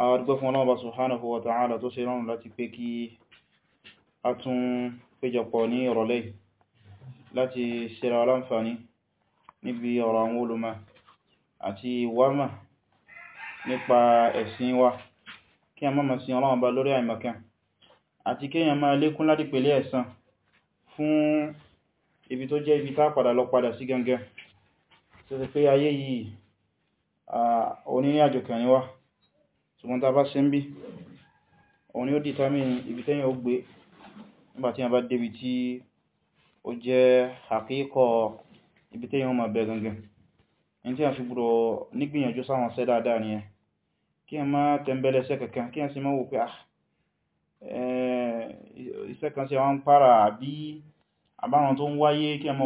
àwọn àdúgbò fún ọlọ́ọ̀bá ta'ala tó ṣe rọrùn láti pé kí a tún péjọpọ̀ ní ìrọ̀lẹ́ láti ṣera aláǹfàní níbi ọ̀rọ̀ àwọn olùmá àti wámà nípa ẹ̀sìn wa kí a má ma sin ọlọ́ọ̀bá lórí àìmọ̀kan àti kí èyàn máa lékún láti pèlé ẹ̀san fún ibi tó jẹ́ ibi tá padà lọ padà sí gangan tó ti pé ayé yìí onírìn àjò ni wá ṣùgbọ́n ta bá ṣe ń bí òun ni ó determine ibi tẹ́yàn ó gbé nígbàtí a bá débi tí ó jẹ́ àkíkọ́ ibi tẹ́yàn ó ma bẹ gangan in tí a fi gbúrò nígbìyànjú sáwọn ṣẹ́ dáadáa ni ẹ kí a má tẹ́mbẹ́lẹ́sẹ́ kankan kí a sì má wò pé ah eh, iṣẹ́ kan sí àwọn para àbí a má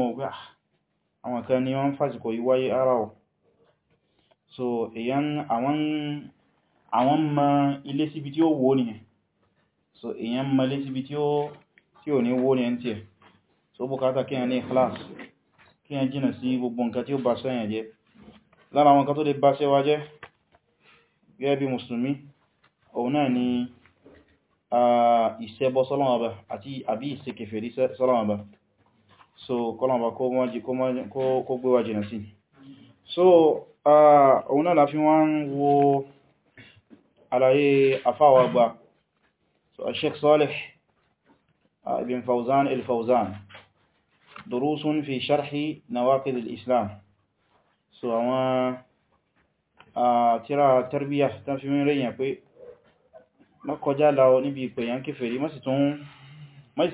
wò pé ah àwọn kan ni wọ́n fásitì kò yí wáyé so èyàn àwọn àwọn mọ ilé síbi tí ó wó ní ẹ̀ so èyàn mọ ilé síbi tí ó ní wó ní ẹ̀ tí ẹ̀ so bùkátà kí yàn ní ikhlas kí yàn jìnà sí gbogbo nǹkan tí ó bá sẹ́yàn jẹ́ lára àwọn nǹkan tó lè bá sẹ́wà jẹ́ gẹ́gẹ́ bí mùsùlùmí òun náà ni ìṣẹ́bọ sọ́lọ́mọba àti àbí ìṣẹ́kẹfẹ̀rí sọ́lọ́mọba so kọ́lọ̀mọba kó gbé wa jìnà sí so òun náà la fi wọ́n wo àlàyé afáwà gbà so a sheikh Salih uh, ibn Fawzan al-Fawzan durusun fi sharhi nawaqid al-islam so àwọn a uh, tírà tarbiyya ta fi min rẹ̀yìn pé makọjá láwọ níbi ìpèyàn kèfèrí má sì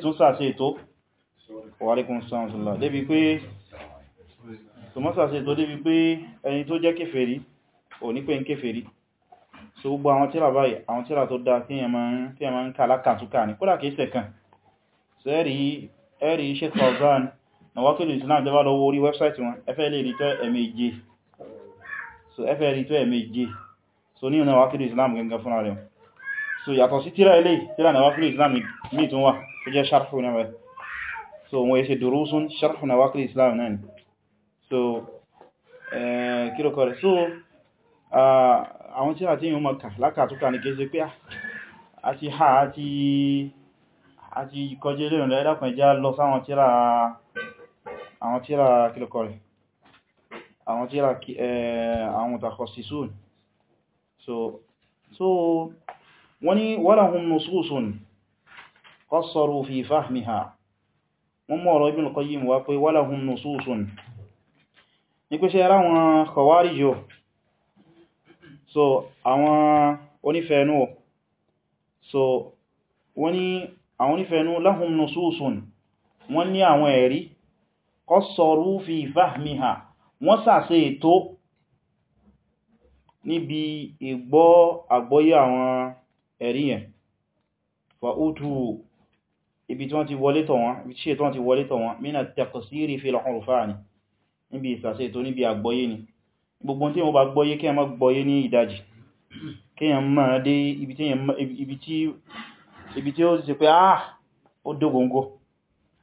tún sàṣe ètò wa alaikum assalam sọ́lá débi pé tó má sàṣe ètò débi pé ẹni tó jẹ́ kèfèrí ò ní pé ń so gbogbo àwọn tíra báyìí àwọn tíra tó dá tí ẹmọ ń ká alákàtúkà ní kódà kìí sẹ̀kàn so ẹ̀rí Sheikh Fawzan na wákìlù Islam jẹba lọ́wọ́ orí wẹ́bsáìtì wọn ẹfẹ́ lè rí tó so ẹfẹ́ rí so ní ọ̀nà wákìlù Islam gangan fúnra rẹ̀ so yàtọ̀ sí tíra ilé tíra Islam ní tún wà tó jẹ́ sharhu so wọ́n yẹ ṣe durusun sharhu Islam náà so kí ló kọ́ rẹ̀ àwọn tíra tí yíò mọ̀ kà lákàtúkà ní kéèsé pé àti ah, ha àti kọjẹ́ lè rẹ̀ dákùn ẹjá lọ sáwọn tíra àwọn tíra kílùkọ rẹ̀ àwọn tíra àwọn takhasisun so so wọ́n ni walahum nususun qassaru fi fahmiha wọ́n mọ́ ọ̀rọ̀ Ibn Qayyim wá pé walahum nususun ní pé ṣe ara wọn khawarij yóò so àwọn onífẹ̀ẹ́nú so wọ́n ní àwọn onífẹ̀ẹ́nú lahum nususun wọ́n ní àwọn ẹ̀rí qassaru fi fahmiha wọ́n sàṣe ètò níbi ìgbọ́ àgbọ́yé àwọn ẹ̀rí yẹn fa útù ibi tí wọ́n ti wọlé tọ̀ wọ́n ibi tí ṣe tí wọ́n ti wọlé níbi ìsàṣe ètò níbi àgbọ́yé ni gbogbo tí wọ́n bá gbọ́yé kí a má gbọ́yé ní ìdájì kí a má dé ibi tí ó ti pé àà ah, ó dógóngó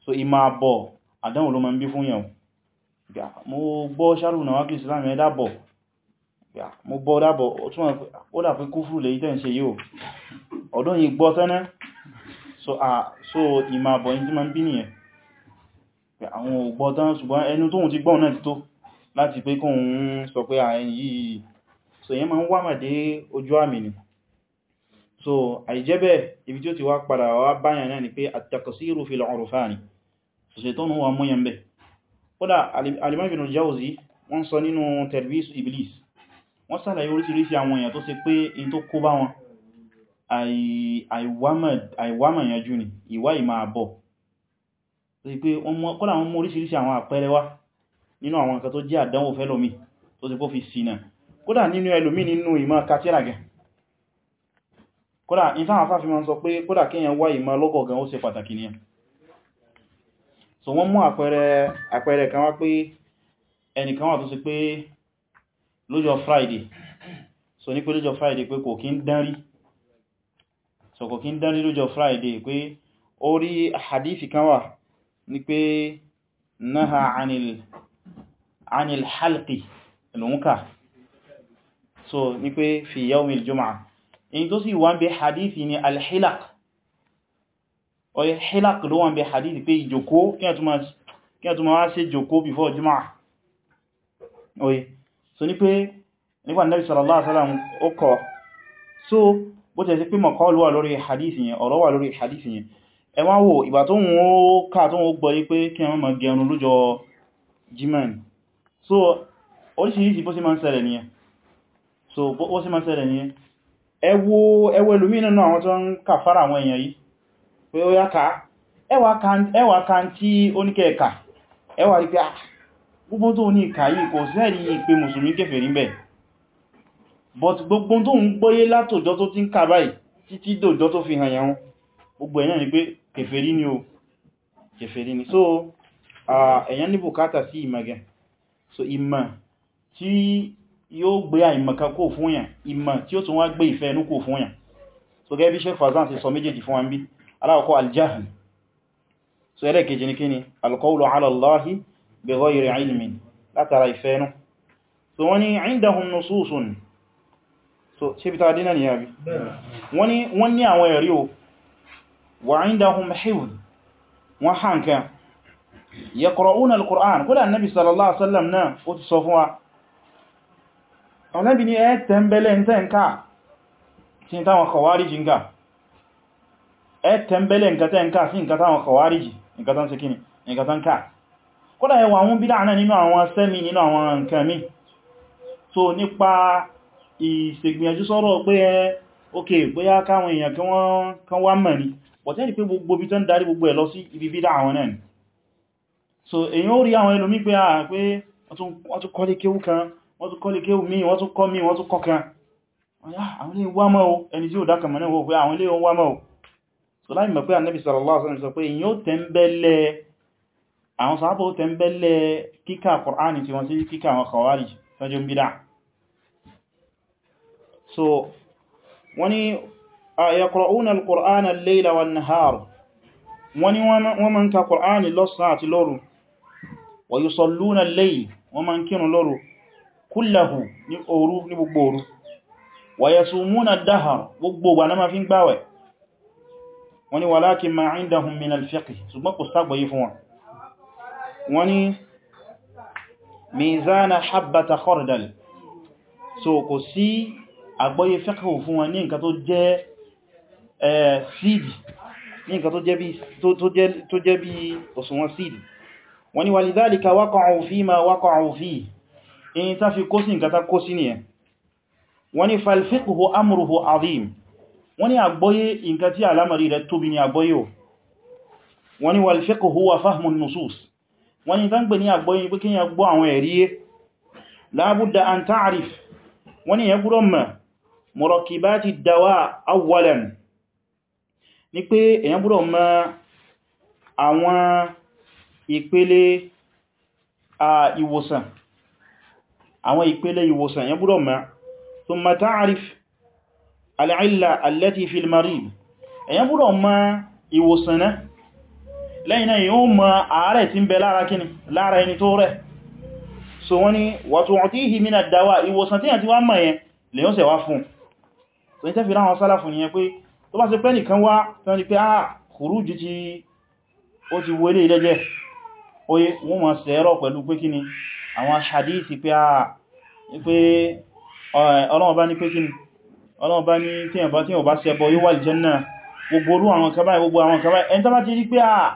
so ìmá bọ̀ àdánwò ló ma ń bí fún yẹn mo gbọ́ sálù náà wákìlì islam ẹ dábọ̀ mo gbọ́ dábọ̀ ó dà pé kúfù lè yí tẹ́ǹṣe yíò ọdún yìí gbọ́ tẹ́nẹ́ so ìmá bọ̀ yí tí ma ń bí nìyẹn àwọn ògbọ́ tán ṣùgbọ́n ẹnu tóhun ti gbọ́n náà ti tó láti pé kóun sọ pé àyẹn yìí so yẹn máa ń wá màdé ojú àmì ni so àìjẹ́bẹ̀ ibi tí ó ti wá padà wá báyàn náà ni pé at-taqsiru fil urfani so ṣe tọ́nù wa mú yẹn bẹ̀ kódà al-Imam Ibn al-Jawzi wọ́n sọ nínú Talbis Iblis wọ́n sàlàyé oríṣiríṣi àwọn èèyàn tó ṣe pé in tó kó bá wọn àìwámọ̀yànjú ni ìwá ìmọ̀ àbọ̀ nínú àwọn nǹkan tó jẹ́ àdánwò fẹ́lòmí tó ti kó fi sínà kódà nínú ẹlòmí nínú ìmọ̀ katira kódà ní sáwọn afáfí ma ń sọ pé kódà kíyàn wá ìmọ̀ lọ́gọ̀ ó pàtàkì ní so apere pé Friday so pé kò kí n dánrí so kò kí n dánrí Friday pé rí hadithi kan wà ní pé anil halqi lóǹkà so ní pé fi yawmil jum'a in tó sì wọ́n bẹ hadithi ni alhilaq oye hilaq ló wọ́n bẹ hadithi pé ìjòkó kí a tó ma wá ṣe jòkó before jum'a oye so ní pé nípa nabi sallallahu alaihi wasallam ó kọ so bó tẹ́ sí pé mọ̀kọ́lù wà lórí hadithi yẹn ọ̀rọ̀ wà lórí hadithi yẹn ẹ wá wò ìgbà tó ń ó ká tó ń ó gbọ́ yí pé kí wọ́n mọ̀ gẹrun lójọ jimani so oríṣìíríṣìí bó sí máa ń ṣẹlẹ̀ nìyẹn so bó sí máa ń ẹwọ ẹwọ ẹlòmínà náà àwọn tó ń kàfàrà àwọn èèyàn yìí pé ó yá ká ẹwà kan tí oníkẹ́ ẹ̀kà ẹwà rí pé gbogbo tó ní ìkà yìí kò sẹ́rí pé mùsùlùmí kèfèrí ń but gbogbo tó ń gbóyé látòjọ́ ni o ni so ah, èèyàn ní bùkátà sí so ìmọ̀ tí yóò gbé àìmọ̀kan kò fún yàn ìmọ̀ tí ó tún wá gbé ìfẹ́ inú kò fún yàn so gẹ́gẹ́ bí Sheikh Fawzan ṣe sọ méjèèjì fún wa ń bí aláwọ̀kọ́ aljahl so ẹlẹ́kejì ní kíni alqawlu ala Allahi bighayri ilmin látara ìfẹ́ inú so wọ́n ni indahum so ṣe bita dínà ni yàbí wọ́n ni àwọn ẹ̀rí o yaqra'una al-Qur'an kódà annabi sallallahu alaihi wasallam náà ó ti sọ fún wa ọ̀nàbí ni ẹ tẹ́m̀bẹ̀lẹ̀ ń tẹ́ǹkà sí táwọn kọwàríjì ń ga ẹ tẹ́m̀bẹ̀lẹ̀ ń tẹ́ǹkà sí nǹkan táwọn kọwàríjì nǹkan tán síkíní nǹkan tán ká kódà ẹwà àwọn bídá náà nínú àwọn sẹ́mi nínú àwọn nǹkan mi so nípa ìṣègbìyànjú sọ̀rọ̀ pé ẹ ok bóyá káwọn so èyàn ó rí àwọn ẹlòmí pé à ah, pé wọ́n tún kọ́lé kéwú kan wọ́n tún kọ́lé kéwú míì wọ́n tún kọ́ míì wọ́n tún kọ́ kan ah, àwọn ilé wá mọ́ ẹni tí ó dákà mọ́ náà wọ́n pé àwọn ilé wá mọ́ so láì mọ̀ pé Ànábì sallallahu alaihi wasallam sọ pé èyàn ó tẹ́ńbẹ́lẹ̀ àwọn sàábà ó tẹ́ńbẹ́lẹ̀ kíkà Kùránì tí wọ́n so wọ́n ni yaqra'una al-Qur'ana al-layla wan-nahar wọ́n ni mọ́ ń ka Kùránì lọ́sàn àti lóru wa yusalluna al-layl wọ́n ma ń kírun lóru kullahu ní òru ní gbogbo òru wa yasumuna ad-dahr gbogbo wà náà ma fi ń gbáwẹ̀ wọ́n ni walakin ma indahum min al-fiqh ṣùgbọ́n kò sàgbọ́yí fún wọn wọ́n ni wọ́n ni walidhalika waqa'u fi ma waqa'u fi in ta fi kó sí nǹkan ta kó sí ni ẹ wọ́n ni falfiqhu amruhu azim wọ́n ni àgbọ́yé nǹkan tí alamari rẹ̀ tóbi ni àgbọ́yé o wọ́n ni walfiqhu huwa fahmun nusus wọ́n ni tán gbé ní àgbọ́yé pé kí yẹn gbọ́ àwọn ẹ̀rí labudda an ta'rif wọ́n ni yẹn gúrọ̀ murakibati dawa awwalan ni pé èyàn gúrọ̀ àwọn ìpele ìwòsàn àwọn ìpele ìwòsàn yẹn gbọ́dọ̀ mọ̀ thumma ta'rif al-illa allati fi al-marid èyàn gbọ́dọ̀ mọ̀ ìwòsàn náà lẹ́yìn náà yóò mọ̀ àárẹ̀ tí ń bẹ lára kíni lára ẹni tó rẹ̀ so wọ́n ni wa tu'tihi min ad-dawa ìwòsàn tí yàn ti wá mọ̀ yẹn lè yóò sẹ̀wá fún so ní tẹ́fì ráwọn sálà fún yẹn pé tó bá ṣe pé nìkan wá tán rí pé ah kùrújù ti ó ti wọlé ilẹ́jẹ́ oye wọ́n ma sẹ́rọ pẹ̀lú pé kíni àwọn hadithi pé a ah, pé eh, Ọlọ́run bá ní pé kíni Ọlọ́run bá ní tí ẹ̀bá tí ọba ṣẹbọ yóò wà aljanna gbogbo orú àwọn kaba gbogbo àwọn kaba ẹni tó bá ti rí pé a ah,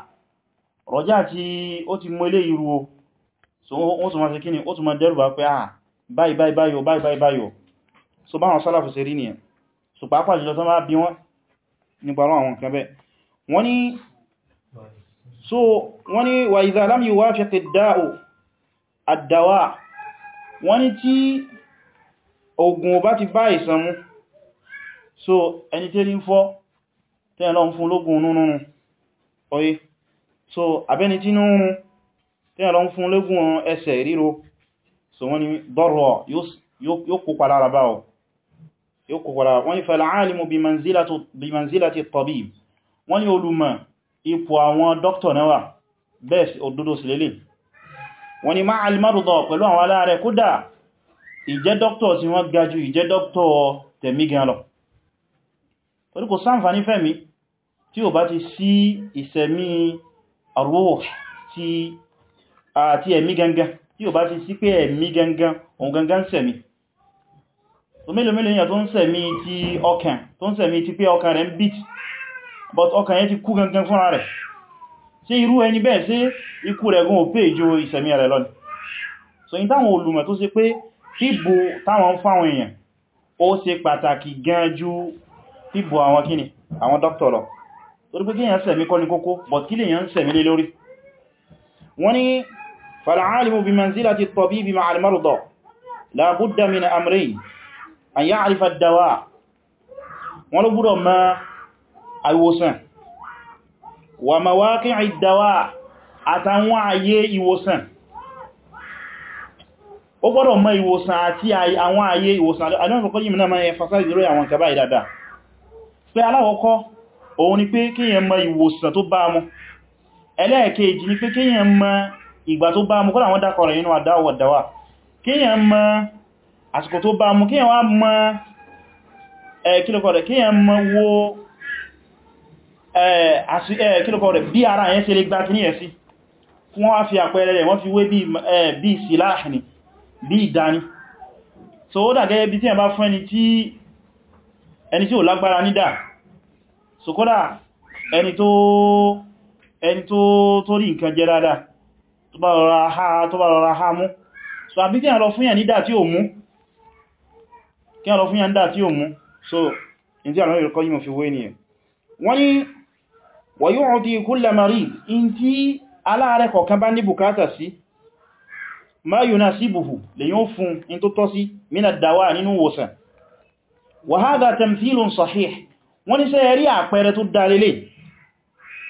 rọjá tí ó ti mọ ilé ìrù o so ó tún ma ṣe kíni ó tún ma dẹ́rù bá a ah, báyìí báyìí báyìí báyìí báyìí báyìí so báwọn sálàfù ṣe rí nìyẹn so pàápàá jùlọ tó bá bí wọn nípa àwọn kan bẹ́ẹ̀ wọ́n ní so wọ́n ni wà idha lam yuwafiq ad-da'u ad-dawa wọ́n ni ti bá àìsàn so ẹni tí ń fọ́ tí ẹ̀lọ ń fún lógún núnúnú oye so abẹni tí núnú tí ẹ̀lọ ń fún lógún ẹsẹ̀ so wọ́n ni dọ́rọ̀ yóò kópa lára bá ọ yóò kópa lára wọ́n ni fal-alimu bi manzilati at-tabib olùmọ̀ ipò àwọn dókítọ̀ náà bẹ́ẹ̀ òdodo sí lélẹ̀ wọ́n ni máa almarudọ̀ pẹ̀lú àwọn aláàrẹ kódà ìjẹ́ dókítọ̀ tí wọ́n ga ju ìjẹ́ dókítọ̀ tẹ̀mí gan lọ torí kò sáǹfàní fẹ́mi tí ò bá ti sí ìsẹ̀mí àrùwò àti ẹ̀mí gangan tí ò bá ti sí pé ẹ̀mí gangan òun gangan sẹ̀mí tó mélòó mélòó èèyàn tó ń sẹ̀mí ti ọkàn tó ń sẹ̀mí ti pé ọkàn rẹ̀ ń bíìtì but ọkàn yẹn ti kú gangan fúnra rẹ̀ ṣé irú ẹni bẹ́ẹ̀ ṣé ikú rẹ̀ gún òpé ìjó ìsẹ̀mí rẹ̀ lọ́nà so in táwọn olùmọ̀ tó ṣe pé fíbò táwọn fáwọn èèyàn ó ṣe pàtàkì gan ju fíbò àwọn kíni àwọn dókítà lọ torí wọ́n ní فالعالم بمنزلة الطبيب مع المرضى لا بد من أمرين أن يعرف الدواء ولو بد ìwòsàn wà mawaqi'i dawa àtàwọn àyè ìwòsàn ó gbọ́dọ̀ mọ̀ ìwòsàn àti àwọn àyè ìwòsàn alẹ́rùnkọ́ yìí náà máa emphasize lórí àwọn kẹba ìdàdà pé aláwọ̀kọ́ òun ni pé kíyàn mọ̀ ìwòsàn tó bá mu ẹlẹ́ẹ̀kejì ni pé kíyàn mọ̀ ìgbà tó bá mu kọ́lá wọ́n dákọ̀ rẹ̀ nínú àdáwọ̀dáwà kíyàn mọ̀ àsìkò tó bá mu kíyàn wá mọ̀ ẹ̀kílẹ̀kọ̀ rẹ̀ kíyàn mọ̀ wo kílùkọ́ rẹ̀ bí ara yẹn ṣe lè gbá kí ní ẹ̀sí wọ́n wá fi àpẹẹrẹ rẹ̀ wọ́n fi wé bí síláà ní bí ìdáni so ó dà gẹ́gẹ́ bí tí ẹ bá fún ẹni tí ó lágbára nídà so kódà ẹni tó rí nǹkan jẹ dáadáa tó bá rọra ha mú so àbí kí ẹ lọ fún yẹn nídà tí ò mú kí ẹ lọ fún wọ́n ni wa yu'ti kulla marid in tí aláàrẹ kọ̀ọ̀kan bá ní bùkátà sí ma yunasibuhu lè yóò fún in tó tọ́ sí mina dawa nínú wòsàn wa hadha tamthilun sahih wọ́n ní sẹ́yẹ̀ rí àpẹẹrẹ tó dalilé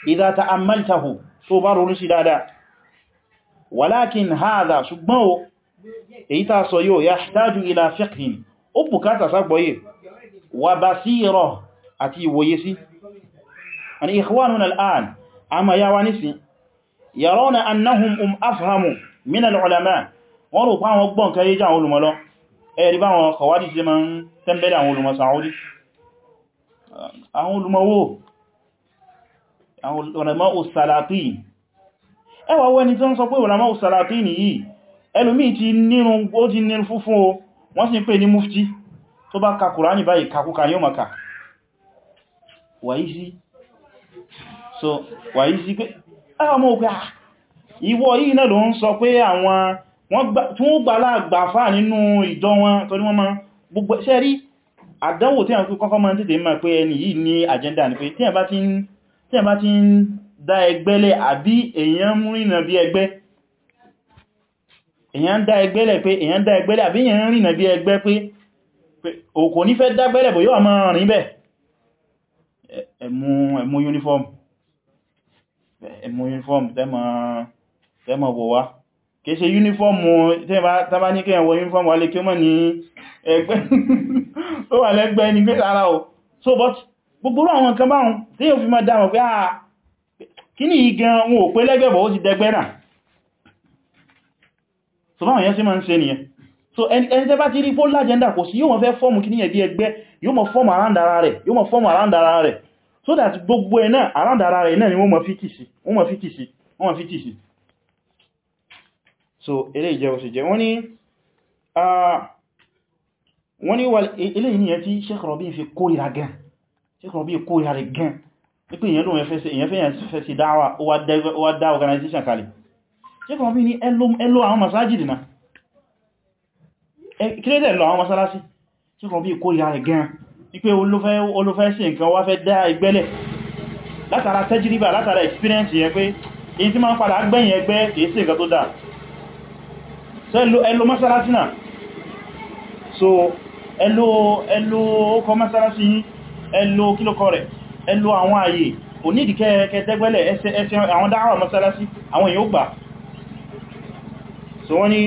idha ta'ammaltahu tó bá ronú sí dáadáa walakin hadha ṣùgbọ́n o èyí ta sọ yóò yahtaju ila fiqhin ó bùkátà sàgbọ́yé wa basira àti ìwòye sí àni ikhwanuna al'an àmà yáwa nísìn yarawna annahum um afhamu min al'ulama wọ́n rò pàwọn gbọ́n kẹrẹ jẹ́ àwọn olùmọ́lọ ẹ̀rí bá wọn kọwàdí sí ma ń tẹ́m̀bẹ̀lẹ̀ àwọn olùmọ̀ Saudi àwọn olùmọ̀wó àwọn ulama salatin ẹwà wẹni tó ń sọ pé ulama salatin yìí ẹlòmí ti nírun ó ti nírun fúnfún o wọ́n sì pè ní mufti tó bá ka Kùránì báyìí kakúka ní ó maka wàyí sí so wà yí sí pé ah, ọmọ ògbà ah, ìwọ yìí náà ló ń sọ pé àwọn tí wọ́n gbà láàgbà fà nínú ìjọ wọn torí wọ́n ma gbogbo ṣẹ́ rí àdánwò tí àwọn kọ́kọ́ máa tètè máa pé ẹni yìí ní agenda ní pé tí ẹ̀ bá ti ń dá ẹgbẹ́lẹ̀ àbí èèyàn rìnà bí ẹgbẹ́ èèyàn dá ẹgbẹ́lẹ̀ pé èèyàn dá ẹgbẹ́lẹ̀ àbí èèyàn rìnà bí ẹgbẹ́ pé òkò ní fẹ́ dágbẹ́lẹ̀ bò yóò máa rìn bẹ̀ ẹ̀mú uniform ẹmú uniform tẹ́mọ̀ wọ̀ wá kìí ṣe uniform tẹ́bá ní kẹ́yàn wọ uniform wà lè kí mọ́ ní ẹgbẹ́ tó wà lẹ́gbẹ́ ní pé ara o so but gbogbo àwọn nǹkan báhùn tí yóò fi máa dámọ̀ pé àà ah, kí ní igan wọn ò pé lẹ́gbẹ̀bọ̀ ó ti dẹgbẹ́ náà so báwọn yẹn sí máa ń ṣe nìyẹn so ẹni tẹ́ bá ti rí fó lájẹ́ndà kò sí yóò mọ̀ fẹ́ fọ́ọ̀mù kí ní ẹ̀bí ẹgbẹ́ yóò mọ̀ fọ́ọ̀mù arándara rẹ̀ so that gbogbo ẹ̀ náà àrádàrà rẹ̀ náà ni wọ́n mọ̀ fítì sí wọ́n mọ̀ fítì sí wọ́n mọ̀ fítì sí so ilé ìjẹun sì jẹ wọ́n ni wọ́n ni ilé ìníyàn tí Sheikh Rabi fi kórìíra gan Sheikh Rabi kórìíra rẹ̀ gan nípa èyàn lóun fẹ́ sí dáwà ó wá dá organization kalẹ̀ Sheikh Rabi ní ẹlò àwọn masajidi na kílẹ̀ lọ àwọn masalasi Sheikh Rabi kórìíra rẹ̀ gan ipé olófẹ́ sí nǹkan wá fẹ́ dá ìgbẹ́lẹ̀ látara tẹ́jìríbà látara experience yẹn pé èyí tí ma ń padà gbẹ̀yìn ẹgbẹ́ kìí sí nǹkan tó dáa so ẹlò mọ́sálásí náà so ẹlò ọkọ̀ mọ́sálásí ẹlò kílòkọ rẹ̀ ẹlò àwọn ààyè onídìkẹ́ tẹ́gbẹ́lẹ̀ ẹsẹ àwọn dáhàwà mọ́sálásí àwọn èèyàn gbà so wọ́n ni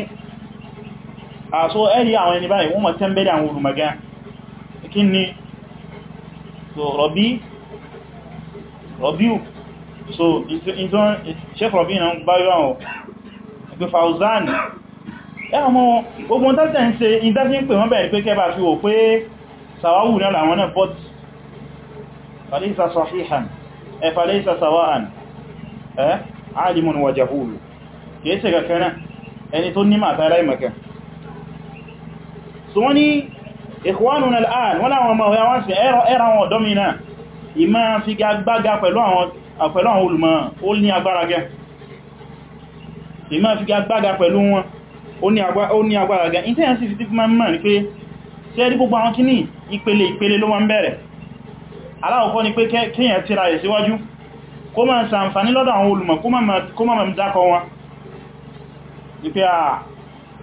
àṣọ ah, ẹ̀rí àwọn ẹni báyìí wọ́n mọ̀ tẹ́m̀bẹ̀rẹ̀ àwọn olùmọ̀gán kí ni so rọ̀bí rọ̀bíù so ìtàn Sheikh rọ̀bí na ń gbáyọ́ àwọn ẹgbẹ́ Fauzan ẹ̀mọ́ ogun tẹ́tẹ̀ ń ṣe ìdájí ń pè wọ́n bẹ̀rẹ̀ pé kẹba fi wò pé sàwáwù náà làwọn náà bọ́t fàlẹ́sà sàfíhàn ẹ fàlẹ́sà sàwáhàn ẹ́ alimun wa jahulu kìí ṣe kankan ẹni tó ní màtàrà ìmọ̀kan so wọ́n ni ikhwanuna al'an wọ́n láwọn ọmọ wọ́n sí ẹran wọn dọ́mìnà ìmá fi gbága pẹ̀lú àwọn olùmọ̀ ó ní agbára gẹ́ ìmá fi gbága pẹ̀lú wọn ó ní agbára gẹ́ intensi fi ti fi máa mọ̀ ní pé tí ẹ rí gbogbo àwọn kíní ìpele ìpele ló máa ń bẹ̀rẹ̀ aláwọ̀kọ́ ni pé kíyàn tíra rẹ̀ síwájú kó máa sàǹfàní lọ́dọ̀ àwọn olùmọ̀ kó máa mọ̀ dákọ wọn ní pé à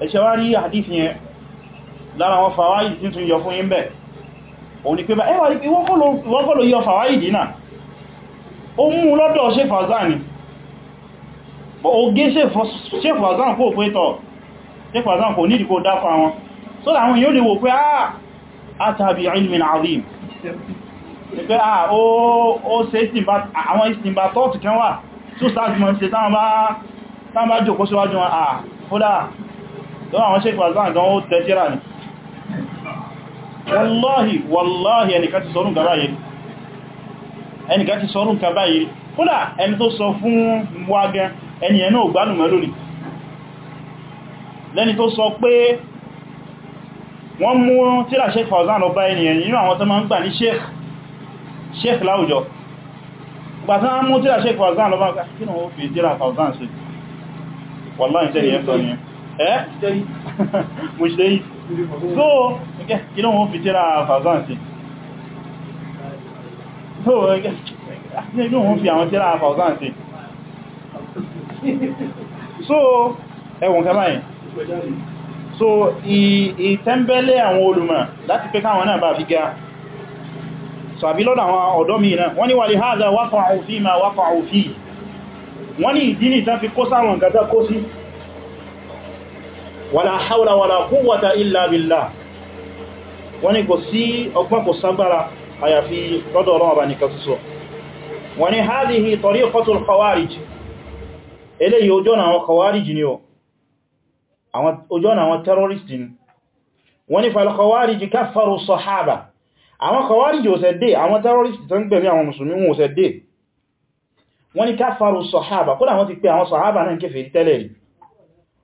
ẹ̀ṣẹ̀wárí lára wọn fàwáìdì tí tún yọ fún yín bẹ̀ òun ni pé bá ẹwà ipé wọ́n kọ́ ló yọ fàwáìdì náà ó mú lọ́dọ̀ ṣe ah, ni pé ah, ó ṣe àwọn ìsìnbà táwọn bá jòkó síwájú wọn ah kódà lọ́wọ́ àwọn ṣe gan ó tẹ́ṣẹ́ra ni wallahi wallahi ẹnìkan ti sọ́rún gaba yìí ẹnìkan ti ẹni tó sọ fún wa ẹni ẹ̀nà ògbánù mẹ́lò ní lẹ́ni tó sọ pé wọ́n mú tíra sheikh Fawzan ọba bá ẹni ẹni àwọn tó ma ń gbà ní sheikh láwùjọ gbà mú tíra sheikh kí náà ó fi É, eh, mùsùlùmí so kí ló wọ́n fi tíra fàzán sí so kí ló wọ́n fi àwọn tíra fàzán sí so ẹwọ̀n kẹbáyìn so ìtẹ́mbẹ́lẹ̀ àwọn olùmọ̀ láti pé káwọn náà bá fi gá so àbí lọ́dọ̀ àwọn ọ̀dọ́ mi náà wọ́n ni wà lè háàzà wákọ̀ àwòfí ma wákọ̀ àwòfí wọ́n ni ìdí nìtàn fi kó sáwọn gàdá kó sí wàlá haúlá wàlá quwwata illa billah wọ́n ní kò sí ọgbọ́n kò sábára àyàfi lọ́dọ̀ ọ̀rọ̀ ọba nìkan ṣoṣo wọ́n ní hadhihi tariqatul khawarij eléyìí ojú ọ̀nà àwọn khawarij ni o ojú ọ̀nà àwọn terrorist ni wọ́n ní fal khawarij kaffaru sahaba àwọn khawarij ò sẹ́dé àwọn terrorist tó ń gbẹ̀mí àwọn musulmi wọn ò sẹ́dé wọ́n ní kaffaru sahaba kó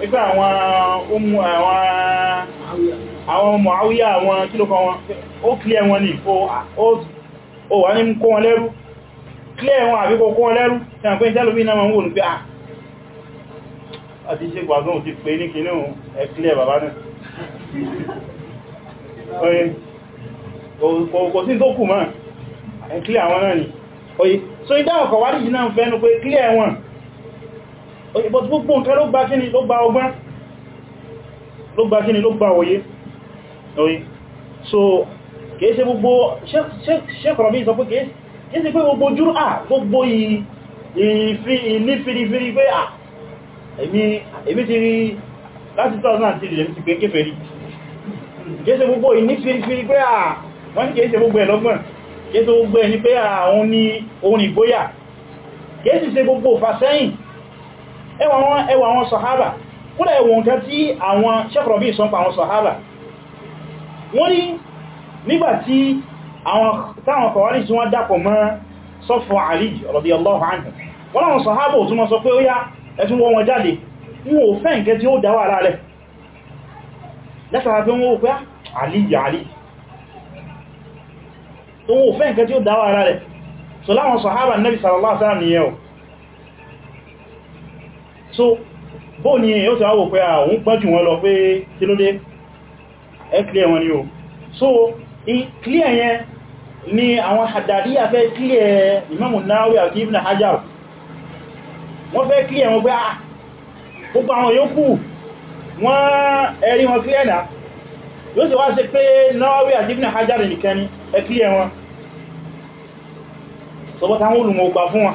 pípẹ́ àwọn ohun um, àwọn ọmọ àwúyà àwọn kílòkọ wọn ó clear wọn ní ó wà ní kó wọn lẹ́rú clear wọn àbíkọ kó wọn lẹ́rú tí a ń pè ní tẹ́lómí náà wọ́n ní pé à ah, àti ṣe gbàgbọ́n ti pè ní kìnnú ẹ clear bàbá náà oye kò sí tó kù mọ́ ẹ clear wọn náà ni oye so ìdáhùn kọ̀wárí jì náà fẹ́nu pé clear wọn but gbogbo nǹkan ló gba kíni ló gba ọgbọ́n ló gba kíni ló gba òye oye so kìí ṣe gbogbo ṣẹ́kọ̀rọ̀ bí sọ pé kìí ṣe pé gbogbo jùrù à gbogbo ìnífìrífìrí pé à èmi ti rí láti 2003 lèmi ti pé kéfèé rí kìí ṣe gbogbo ìnífìrífìrí pé à wọ́n ní kìí ṣe gbogbo ẹ̀lọ́gbọ̀n kìí ṣe gbogbo ẹni pé àwọn ní ohun ìgbóyà kìí ṣe gbogbo fàṣẹ́yìn ẹwà àwọn sọ̀hábà kúrò ẹwọ̀n ká tí àwọn sẹ́kọ̀rọ̀bí sọ pa àwọn sọ̀hábà wọ́n ní nígbàtí táwọn kọ̀wàrí tí wọ́n dápọ̀ mọ́ sọ́fù Àlì radiyallahu anhu wọ́n láwọn sọ̀hábà ò túnmọ́ sọ pé ó yá ẹ̀tún wọ́n wọn jáde wọn ò fẹ́ nkẹ́ tí ó dáwà ara rẹ̀ lẹ́sàrà pé wọ́n ah, ò pé Àlì Àlì tó so bó ní èyàn tí wọ́n wò pé àwọn gbọ́n jù wọn lọ pé kí ló dé ẹ clear wọn ni o so clear yẹn ni àwọn Haddadiyya fẹ́ clear Imam Nawawi àti Ibn Hajar wọ́n fẹ́ clear wọn pé à gbogbo àwọn yòókù wọ́n ẹ̀rí wọn clear náà yóò sì wá sí pé Nawawi àti Ibn Hajar nìkan ni ẹ clear wọn sọ bọ́ta wọn olùmọ̀ ògbà fún wọn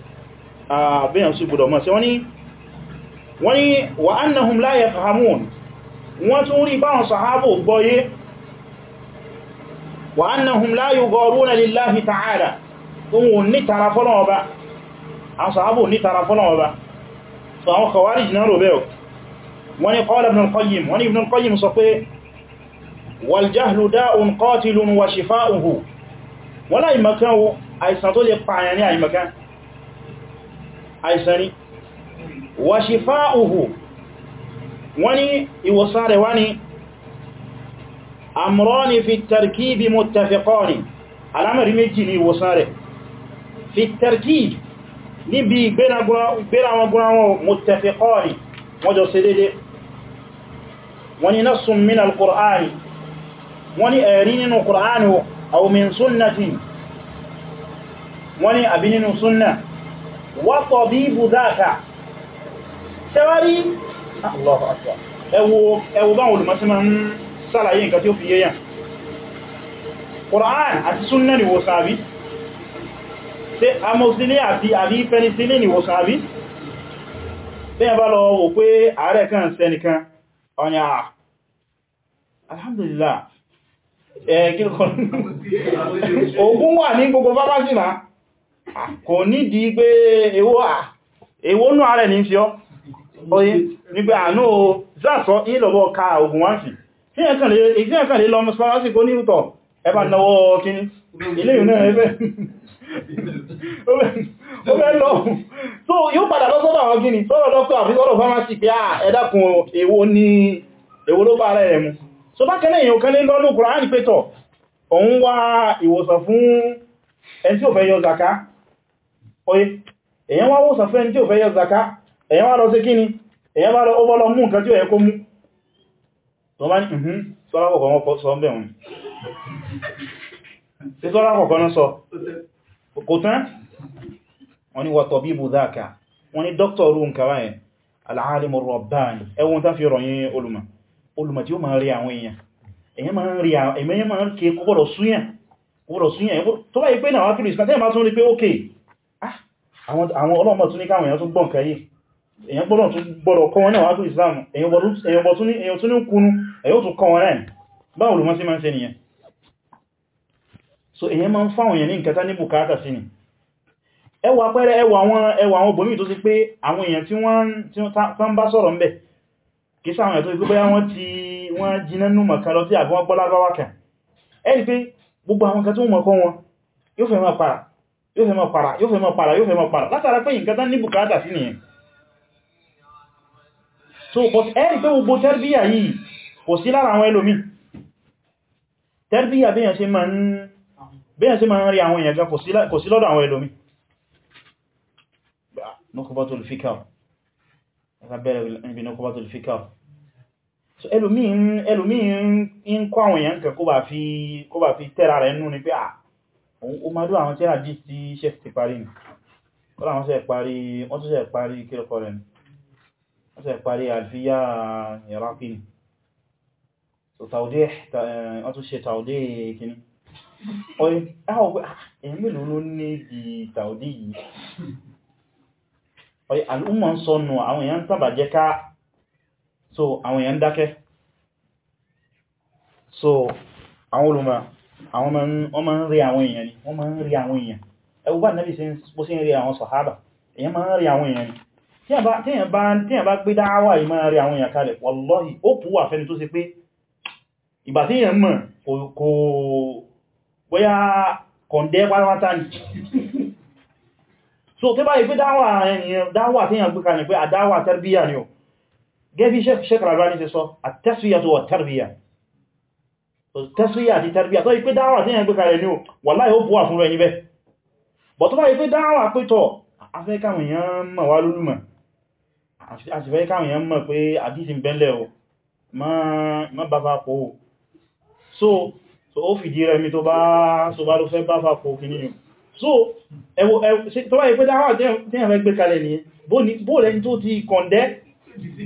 àbíyàn ah, sí gbọdọ̀ mọ́ sí wọ́n ni wọ́n ni wa annahum la yafhamun wọ́n tún rí báwọn sàhábò gbọ́yé wa annahum la yugharuna lillahi ta'ala ohun ní tara fọ́lọ́ ọba àwọn sàhábò ní tara àìsàn tó lè pààyàn ní àìmọ̀kan àìsàní wà shifa'uhu wọ́n ni ìwòsàn rẹ̀ wá ní amrani fi tarkibi muttafiqani alamari méjì ni ìwòsàn rẹ̀ fi tarkibi níbi ìgbérawọn gúnrawọn muttafiqani wọ́n jọ ṣe dédé wọ́n ni nassun min al-qur'ani wọ́n ni ẹ̀rí nínú qur'ani aw min sunnatin wọ́n ni àbí nínú sunnah wọ́sọ̀ bí ibù dáka ṣẹwárí ẹwọ báwọn olùmọ́sí ma ń sàlàyé nǹkan tí ó fi ya. yàn Qur'an àti súnnà ni wòsàn àbí ṣe amoxicillin àti àbí penicillin ni àbí tí ẹ bá lọ wò pé ogun ah, gbogbo Ah, kò nídìí pé ewó à ewó nù ààrẹ ní fi ọ́ oye ah, nígbà àánú o záàsọ́ ìlọ́bọ̀ ka ogun wáǹkì tí ẹ̀kàn lè lọ mọ́sánásì kó ní ìtọ̀ ẹbà náwọ́ kíní ilé ìrìnà ẹgbẹ́ ó bẹ́ lọ so yóò padà lọ sọ́dọ̀ àwọn kíní sọ́dọ̀ dókítà àfi sọ́dọ̀ fámásì pé ah, ẹ dákun èwo ni èwo ló bá ara ẹ̀ mu so bákẹ́lẹ̀ èyàn kan lè lọ́nù Kùránì pé tọ̀ òun wá ìwòsàn fún ẹni tí ò fẹ́ yọ zaka oye èyàn wá wó sàfẹ́ tí ò fẹ́ yọ zaka èyàn wá lọ sí kíni èyàn wá lọ ó bọ́lọ mú nǹkan tí ó yẹ kó mú tó bá ní ǹhún sọ́rọ̀ kọ̀kọ́ sọ bẹ̀ wọn tí sọ́rọ̀ kọ̀kọ́ ní sọ kò tán wọ́n ni wọ́tọ̀ bí ibù zaka wọ́n ni dókítà orú nǹkan báyẹn al-alim ar-rabbani ẹwọ́n tán fi ròyìn olùmọ̀ olùmọ̀ tí ó máa rí àwọn èèyàn èyàn máa ń rí àwọn èèyàn máa ń ké kọ́bọ̀rọ̀ súyàn tó bá pé náà wá ìsìnkà tẹ́ ma tún rí pé ókè àwọn ọlọ́mọ̀ tún ní káwọn èèyàn tún gbọ́n kẹyí èèyàn gbọ́dọ̀ tún gbọ́dọ̀ kọ́ wọn náà wájú Islam èèyàn tún ní kúnú èèyàn tún kọ́ wọn náà báwọn olùmọ́ sí máa ń ṣe nìyẹn so èèyàn máa ń fáwọn èèyàn ní nǹkan ní bùkátà sí ni ẹwà pẹ́rẹ ẹwà àwọn obìnrin tó sì pé àwọn èèyàn tí wọ́n ń bá sọ̀rọ̀ ń bẹ̀ kí sáwọn èèyàn tó gbé bóyá wọ́n ti wọ́n jiná nù mọ̀ká lọ sí àbí wọ́n gbọ́lágbáwá kan ẹni pé gbogbo àwọn yóò fẹ́ mọ́ para yóò fẹ́ mọ́ para yóò fẹ́ mọ́ para látara pé nǹkan tán ní bùkátà sí nìyẹn so but ẹ̀rì pé gbogbo tẹ́rbíyà yìí kò sí lára àwọn ẹlòmí tẹ́rbíyà bíyàn ṣe máa ń rí àwọn èèyàn gan kò sí lọ́dọ̀ àwọn ẹlòmí nukubatul fikar ẹlòmí ń kọ́ àwọn èèyàn kan kó bá fi tẹ́ra rẹ̀ nú ni pé ah ó máa rú àwọn tíra dì tí chef ti parí ní ó láwọn sẹ parí wọ́n tó sẹ parí kílọ̀kọ́ rẹ̀ wọ́n sẹ parí alfiya iraqi so taudé eh, wọ́n tó ṣe taudé kìíní ọ̀rẹ́ ẹ̀họ̀ èyí mélòó ló ní di taudé yìí ọ̀rẹ́ al'umma ń sọnù àwọn èèyàn tàbà jẹ́ ká so àwọn èèyàn dákẹ́ so àwọn olùmọ̀ àwọn ọmọ ń rí àwọn èèyàn ni wọ́n máa ń rí àwọn èèyàn ẹwú bá nẹ́bí bó sí ń rí àwọn sọ̀hábà èèyàn máa ń rí àwọn èèyàn ni tí a bá gbé dáwà yìí máa rí àwọn èèyàn kalẹ̀ wallahi ó pù wà fẹ́ni tó ṣe pé ìgbà tí èèyàn mọ̀ kò bóyá kọ̀ǹdẹ́ pátápátá tẹ́síyà àti tẹ́rbíyà tó yí pé dáwà tí yẹn gbé kalẹ̀ ní o wàláhì ó búwà fún rẹ̀ níbẹ̀ bọ̀ tó bá yí pé dáwà pé tọ́ afẹ́kàwìn yẹn mọ̀ wá lólùmọ̀ àṣìfẹ́kàwìn yẹn mọ̀ pé àdísì bẹ́lẹ̀ o má bá fà pò so ó fìdí rẹ̀ mi tó bá ló fẹ́ bá fà pò kìíní so tó bá yí pé dáwà tí yẹn fẹ́ gbé kalẹ̀ ní bó lẹ́ni tó ti kọ̀ndẹ́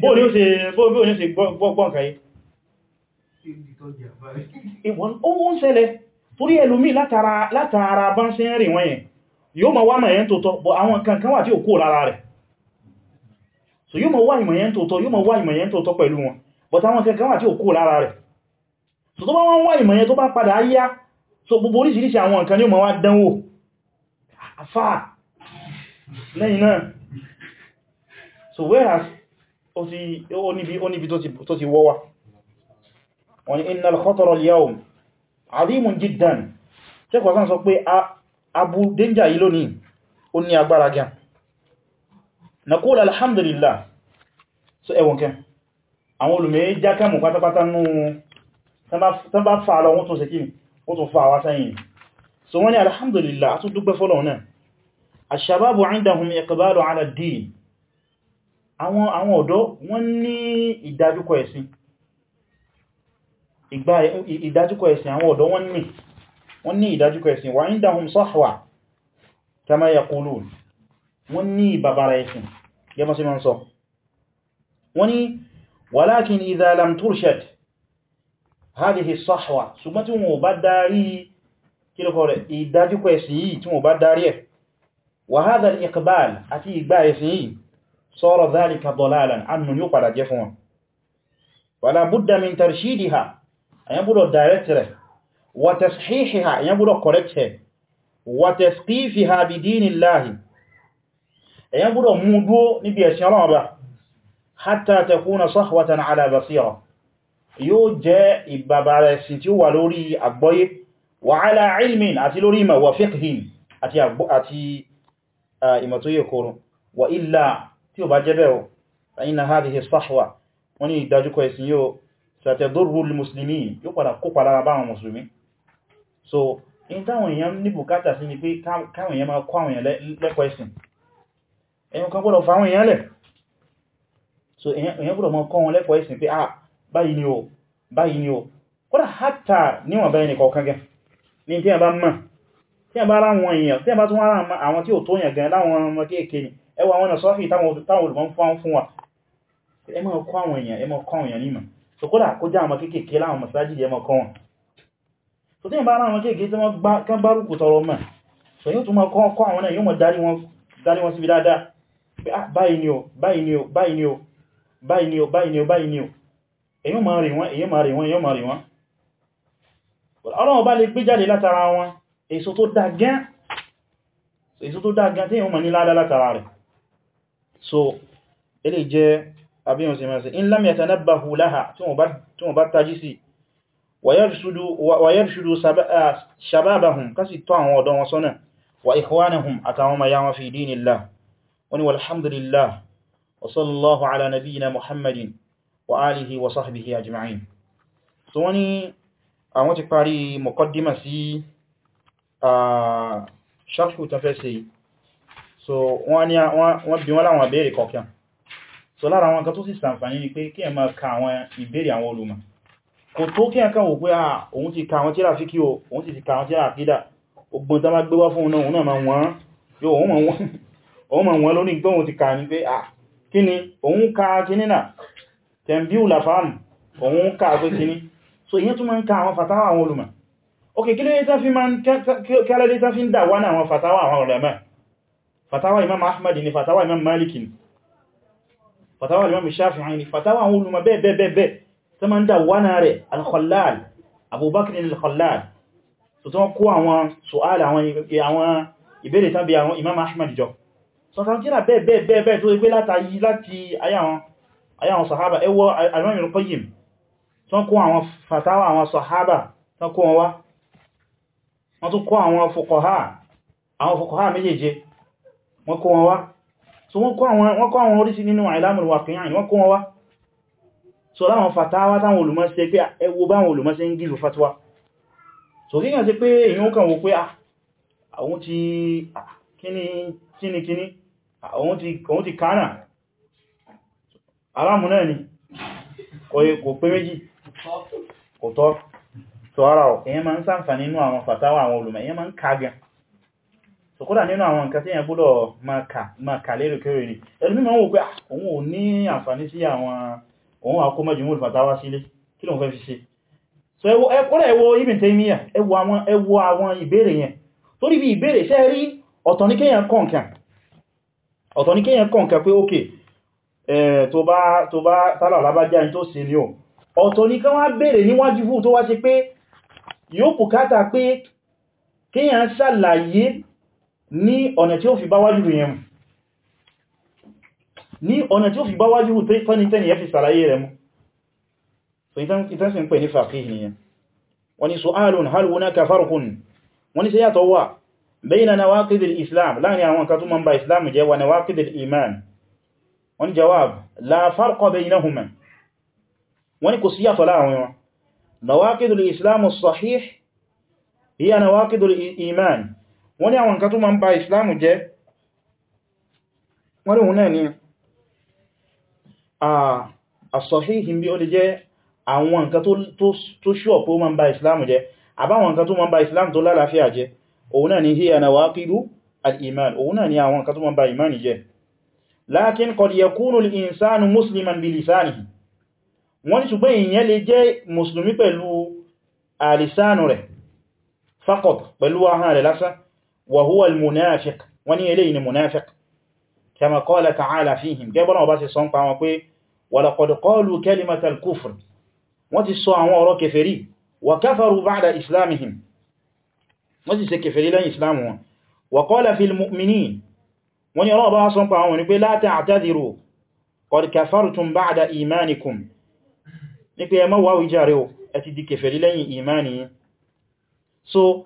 bó ní ó ṣe gbọ́gbọ́n kàí ìwọ̀n ohun ṣẹlẹ̀ torí ẹlòmí látara bá ń ṣe ń rìn wọ́n yẹn yóò ma wá mẹ́yẹn tó tọ́ bọ̀ àwọn kankan wà tí ò kó lára rẹ̀ so yóò ma wá ìmọ̀yẹn tó tọ́ yóò ma wá ìmọ̀yẹn tó tọ́ pẹ̀lú wọn bọ̀ àwọn kankan wà tí ò kó lára rẹ̀ so tó bá wọ́n wá ìmọ̀yẹn tó bá padà yá so gbogbo oríṣiríṣi àwọn nǹkan yóò ma wá dánwò afá lẹ́yìn náà so whereas ó níbi tó ti wọ́wà wọ́n ni innal khatara al-yawm adhimun jiddan ṣekọ̀ sán sọ pé abu danger yìí lónìí ó ní agbára gan naqul alhamdulillah so ẹwọ̀n kẹ àwọn olùmẹ́ jákàmù pátápátá nú tán bá fà lọ wọ́n tún ṣe kíni ó tún fà wá sẹ́yìn so wọ́n ni alhamdulillah a tún dúgbẹ́ fọ́lọ̀ náà ìdájúkọ ẹ̀sìn àwọn ọ̀dọ́ wọ́n ní wọ́n ní ìdájúkọ ẹ̀sìn wà ní dáhùn sọ́hwà kama yaqulun wọ́n ní ìbàbára ẹ̀sìn gẹ́mọ́ sí mọ́ sọ wọ́n ní walakin idha lam turshad hadhihi sọ́hwà ṣùgbọ́n tí wọ́n bá darí kílùkọ́ rẹ̀ ìdájúkọ ẹ̀sìn yìí tí wọ́n bá darí ẹ̀ wa wala budda min tarshidiha àyàn gbọ́dọ̀ direct rẹ̀ wa tashihiha àyàn gbọ́dọ̀ correct rẹ̀ wa tasqifiha bi dinillahi àyàn gbọ́dọ̀ mú dúó níbi ẹ̀sìn Ọlọ́run Ọba hatta takuna sahwatan ala basira yóò jẹ́ ìbàbàrà ẹ̀sìn tí ó wà lórí àgbọ́yé wa ala ilmin àti lórí ìmọ̀ wa fiqhin àti ìmọ̀ tó yẹ kóró wa illa tí ó bá jẹ́ bẹ́ẹ̀ fa inna hadhihi sahwa wọ́n ni ìdájúkọ ẹ̀sìn yóò sàtẹ̀dọ́rù musulmi yóò padà kó padà bá àwọn musulmi so in táwọn èèyàn ní bùkátà sí ni pé káwọn èèyàn máa kọ́ àwọn èèyàn lẹ́kọ̀ọ́ ẹ̀sìn ẹ̀yàn kan gbọ́dọ̀ fáwọn èèyàn lẹ̀ so èèyàn gbọ́dọ̀ máa kọ́ wọn lẹ́kọ̀ọ́ ẹ̀sìn pé ah báyìí ni o báyìí ni o kódà hátà níwọ̀n báyìí nìkan kan gan ní tí a bá mọ̀ tí a bá ráwọn èèyàn tí a bá tún wá àwọn tí ni ẹwà àwọn ọ̀nà sọ́fì táwọn olùmọ̀ fún wa ẹ máa kọ́ àwọn èèyàn ẹ máa kọ́ àwọn èèyàn nímọ̀ so kódà kó já àwọn kéèkéé láwọn masájì yẹ mọ́kọ́ wọn so tí ìbára àwọn kéèkéé tí wọ́n kán bá rúkù tọrọ mọ̀ so yóò tún mọ́ kọ́ àwọn náà yóò mọ̀ darí wọn síbi dáadáa pé ah báyìí ni o báyìí ni o báyìí ni o báyìí ni o báyìí ni o báyìí ni o èyí ma rìn wọ́n èyí ma rìn wọ́n èyí ma rìn wọ́n ọlọ́run bá lè gbé jáde látara so eléyìí jẹ́ àbí wọn sì mẹ́sẹ̀ in lam yatanabbahu laha tí wọ́n bá tají sí wa yarshudu shababahum kásì tọ́ àwọn ọ̀dọ́ wọn sọ́nà wa ikhwanahum àtàwọn ma yawon fi dinillah wani walhamdulillah wa sallallahu ala nabiyyina muhammadin wa alihi wa sahbihi ajma'in so wani àwọn ti parí muqaddima sí sharhu tafẹ́ sí so wọ́n bí wọ́n láwọn abẹ́rẹ̀ kọ̀kẹ́ so lára àwọn nǹkan tó sì sàǹfàní ni pé kí ẹ máa ka àwọn ìbéèrè àwọn olùmọ̀ kò tó kí ẹ kàn wò pé ah, òun ti ka àwọn tíra fíkí o òun sì ti ka àwọn tíra àkídà ogbon tá bá gbé wá fún òun náà wọ́n so ìyẹn tún máa ń fatawa àwọn olùmọ̀ ok kí lóye tá fi máa ń kẹ́lẹ́lé tá fi fatawa fatawa imam ahmad ni fatawa imam malik ni fatawa al-imam shafi'i ni fatawa àwọn olùmọ̀ bẹ́ẹ̀ bẹ́ẹ̀ bẹ́ẹ̀ tó ma ń dà wánà rẹ̀ al-khallal abubakar al-khallal so tó kó àwọn su'ala àwọn ìbéèrè tàbí àwọn imam ahmad jọ so ta kíra bẹ́ẹ̀ bẹ́ẹ̀ bẹ́ẹ̀ bẹ́ẹ̀ tó gbé látàyí láti ayáwọn sahaba ẹwọ al-imam al-qayyim tó kó àwọn fatawa àwọn sahaba tó kó wọn wá wọ́n tó kó àwọn fuqaha àwọn fuqaha méjèèje wọ́n kó wọn wá so wọ́n kọ́ àwọn orísìí nínú àìlàmùl wàqí'àìn wọ́n kó wọn wá so láwọn fatawa táwọn olùmọ̀ ṣe pé ẹ wo báwọn olùmọ̀ ṣe ń gífò fatawa so kíkàn sí pé èyàn kàn wò pé ah, àwọn ti ah, kíníkíní ah, àwọn ti kánà alámù náà ni kò pé méjì kò tọ́ so ara ọ̀ èyàn ma ń ṣàǹfààní nínú àwọn fatawa àwọn olùmọ̀ èyàn ma ń kagan so kódà nínú àwọn nǹkan tí yẹn gbọ́dọ̀ máa kà lérò kéré ni ẹlùmí ma ń wò pé ah, òun ò ní àǹfàní sí àwọn òun àkó Majmu'ul Fatawa sílé kí lóun fẹ́ fi ṣe so kódà ẹwọ Ibn Taymiyyah ẹwọ àwọn ìbéèrè yẹn torí bí ìbéèrè ṣẹ́ rí ọ̀tọ̀ ní kéèyàn kọ̀ǹkà pé ókè tó bá tálà lábájá ní tó ṣe ní ò ọ̀tọ̀ ní kán wá béèrè níwájú fún tó ní ọ̀nà tí ó fi bá wájú yẹn mu ní ọ̀nà tí ó fi bá wájú tẹ́nitẹ́ni yẹ fi sàlàyé rẹ̀ mu so ìtẹ́sì ń pè ní faqih nìyẹn wọ́n ni su'alun hal hunaka farqun wọ́n ni sayàtọ̀ wà bayna nawaqidil islam láàrin àwọn kan tó ma ń ba islam jẹ́ wa nawaqidil wọ́n ní àwọn nǹkan tó ma ń ba Islam jẹ́ wọ́n ríhun náà ni àsọ̀híhìn bí ó lè jẹ́ àwọn nǹkan tó ṣúọ̀ pé ó ma ń ba Islam jẹ́ àbáwọn nǹkan tó ma ń ba Islam tó lálàáfíà jẹ́ òun náà ni hiya pẹ̀lú àlìsánù rẹ̀ faqat pẹ̀lú ahọ́n rẹ̀ lásán وهو المنافق وني إليه منافق كما قال تعالى فيهم جابنا وباس الصنقع وقوي ولقد قالوا كلمة الكفر وتسوا وراء كفري وكفروا بعد إسلامهم وتسوا كفري لن إسلامه وقال في المؤمنين وني رأى باس الصنقع ونقول لا تعتذروا قد كفرتم بعد إيمانكم نقول يا مواوي جاريو أتدي كفري لن إيماني so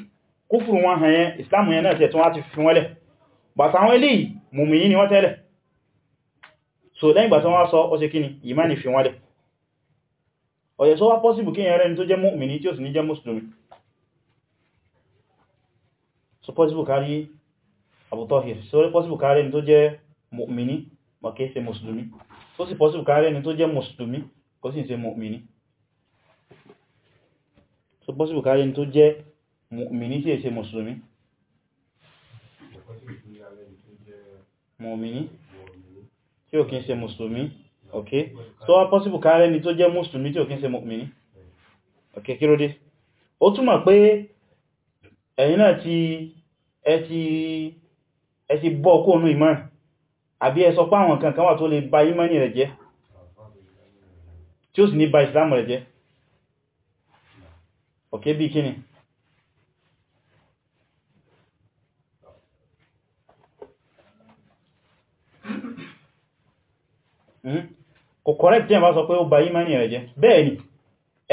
kúfùrù wọn hàn yẹn islamu yẹn náà tẹ̀ tún wá ti fi wọ́lẹ̀ bàtà àwọn ilé mùmìnì ni wọ́n tẹ́lẹ̀ so lẹ́yìn ìgbà tí wọ́n sọ ó ṣe kíni ìmáni fi wọ́lẹ̀ ọ̀yẹ̀ tó wá pọ́sìbù kí ẹ̀rẹ́ni tó jẹ́ mùmìnì tí ó sì ní jẹ́ mùsùlùmí so pọ́sìbù kárí Abu Tahir so pọ́sìbù kárí ẹni tó jẹ́ mùmìnì mà kìí tó jẹ́ mọ̀mìnì sí èsẹ mùsùlùmí mọ̀mìnì tí ò kí ń ṣe mùsùlùmí ok so wá pọ́síbù káàrẹ́ ni tó jẹ́ mùsùlùmí tí ò kí ń ṣe mọ̀mìnì ok kí ló dé ó túmọ̀ pé ẹ̀yin náà ti ẹ ti bọ́ kóònú ìmán àbí ẹ sọ pé àwọn nǹkan kan wà tó lè ba ní ba ìsìlámù rẹ̀ ok bí kíni okay. Hmm? kò correct tí ẹ bá sọ pé ó bà ìmánì rẹ̀ jẹ́ bẹ́ẹ̀ ni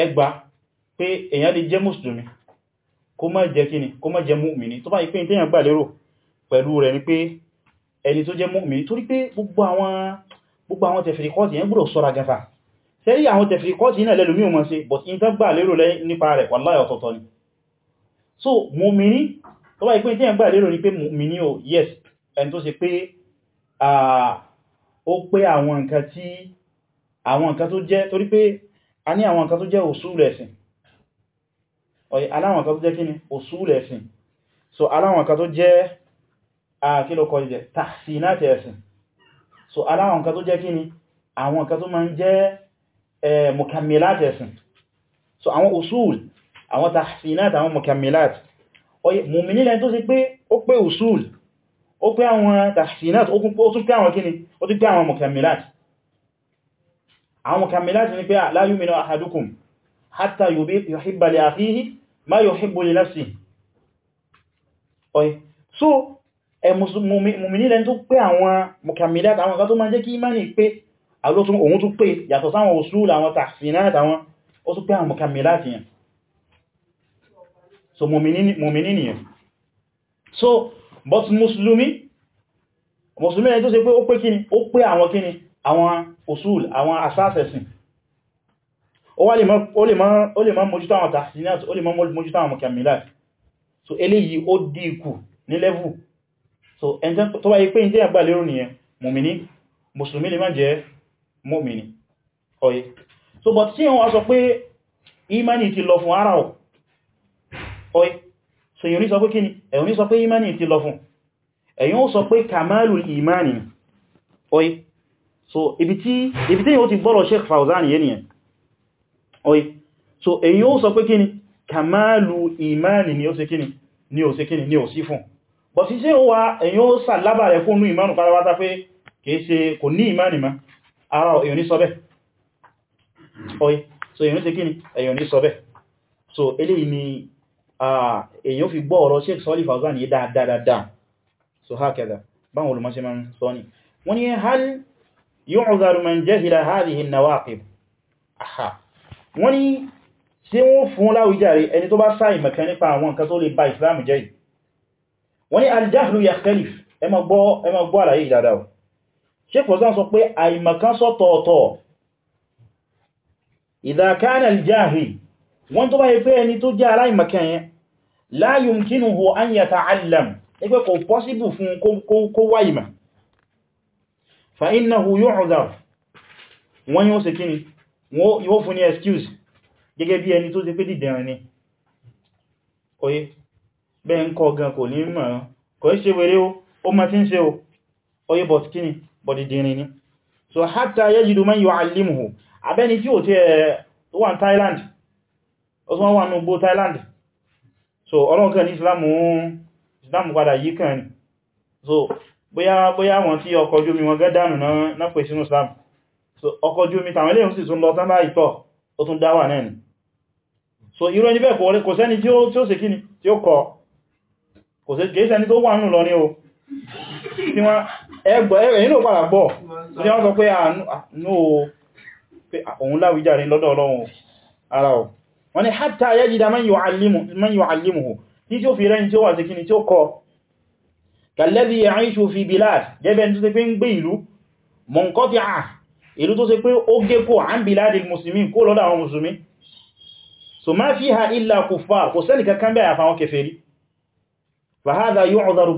ẹgbà pé èyàn lè jẹ́ mùsùlùmí kó má jẹ́ kíni kó má jẹ́ mùmìnì tó bá ìpé ìtẹ́yàn gbà lérò pẹ̀lú rẹ̀ ni pé ẹni tó jẹ́ mùmìnì torí pé gbogbo àwọn tẹ̀fìrìkọ́tì yẹn gbọ́dọ̀ sọ́ra gafa sẹ́rí àwọn tẹ̀fìrìkọ́tì náà lẹ́lùmí o mọ́ sí but in tán gbà lérò nípa rẹ̀ wàláyọ̀ tọ̀tọ̀ ni so mùmìnì tó bá ìpé ìtẹ́yàn gbà lérò ni pé mùmìnì o yes ẹni tó ṣe pé ah, ó pé àwọn nǹkan tí àwọn nǹkan tó jẹ́ torí pé a ní àwọn nǹkan tó jẹ́ usul ẹ̀sìn ọ̀yẹ́ aláwọn nǹkan tó jẹ́ kíni usul ẹ̀sìn so aláwọn nǹkan tó jẹ́ àkílọ́kọ̀ ìjẹ́ tahsinat ẹ̀sìn so aláwọn nǹkan tó jẹ́ kíni àwọn nǹkan tó máa ń jẹ́ mukammilat ẹ̀sìn so àwọn usul àwọn tahsinat àwọn mukammilat ọ̀yẹ́ mùmìnì lẹ́ni tó sì pé ó pé usul ó pé àwọn tàṣínàtì ó tún pé àwọn kíni ó tún pé àwọn mọ̀kànmìláti àwọn mọ̀kànmìláti ní pé ah, la yu'minu ahadukum hatta yuhibba li akhihi ma yuhibbu so ẹ mùmìnì lẹ́n tó pé àwọn mọ̀kànmìláti àwọn kan tó máa jẹ́ kí imani pé òun tún pé yàtọ̀ sáwọn usul àwọn tàṣínàtì àwọn ó tún pé àwọn mọ̀kànmìláti so but musulmi musulmi ẹni tó ṣe pé ó pé kíni ó pé àwọn kíni àwọn usul àwọn asásẹ̀sìn ó lè máa mójútó àwọn tahsinat o lè mo mójútó àwọn kamilat so eléyìí ó díkù ní level so tó wáyé pé ìdí àgbà lérò nìyẹn mùmìní musulmi lè má jẹ́ mùmìní ọ̀yẹ́ so but tí wọ́n sọ pé imani ti lọ fún ara ọ̀ ọ̀yẹ́ so èyàn ní sọ pé kíni imani ti lọ fún èyàn ó sọ pé kamalu imani oye so ibi tí yíò ti bọ́rọ̀ Sheikh Fawzan yẹn nìyẹn oye so èyàn ó sọ pé kíni kamalu imani ni ó ṣe kíni ni ó ṣe kíni ni ó sí fún bọ̀ sí ṣe wà èyàn ó sà lábà rẹ̀ fún imanu pátápátá pé kìí ṣe kò ní imani ma ara èyàn ní sọ oye so èyàn ní ṣe kíni èyàn so eléyìí ni Ah, èyàn fi gbọ́ ọ̀rọ̀ Sheikh Sọ́lì Fawzan yìí dáadáa so ha kẹ́dà báwọn olùmọ́sí ma ń sọ ní wọ́n ni hal yu'dharu man jahila hadhihi an-nawaqib wọ́n ni tí wọ́n fún láwíjàre ẹni tó bá sáì mẹ̀kẹ́ nípa àwọn nǹkan tó lè ba Islam jẹ́ wọ́n ni al-jahlu yakhtalif ẹ ma gbọ́ àlàyé ìdádáwò Sheikh jahil wọ́n tó bá yẹ ẹni tó jẹ́ aláìmọ̀kan yẹn la yumkinuhu an yata'allam ẹgbẹ́ kò pọ́síbù fún kó wá ìmọ̀ fa innahu yu'dhar wọ́n yóò ṣe kíni yóò fún ní excuse gẹ́gẹ́ bí ẹni tó ṣe pé dìdẹ̀rin ni oye bẹ́ẹ̀ ń kọ o ma o oye Osman wà nínú gbó Thailand so ọlọ́run kan ní islamu padà yìí kan ni so bóyá bóyá wọn tí ọkọ̀ ojú omi wọn gẹ́ dànù náà pè sínú islam so ọkọ̀ ojú omi tàwọn iléhùn sì tún lọ tánbà ìtọ́ ó tún dáwà náà ni so irú ẹni bẹ́ẹ̀ kò rẹ kò sẹ́ni tí ó ṣe kíni tí ó kọ kò sí kìí sẹ́ni o tí wọ́n ẹgbọ́ ẹ̀yìn ló padà bọ̀ tí wọ́n sọ pé àánú òun láwíjàre lọ́dọ̀ ọlọ́run wọ́n ni hatta yajida man yu'allimuhu tí tí ó fi rẹ́yìn tí ó wà sí kíni tí ó kọ́ kalladhi ya'ishu fi bilad gẹ́bẹ̀ tó ṣe pé ń gbé ìlú munqati'a ìlú tó ṣe pé ó gé kó an biladil muslimin kó lọ́dọ̀ àwọn musulmi so ma fiha illa kuffar kò sẹ́ni kankan bẹ́ẹ̀ àfàwọn kèfèrí fa hadha yu'dharu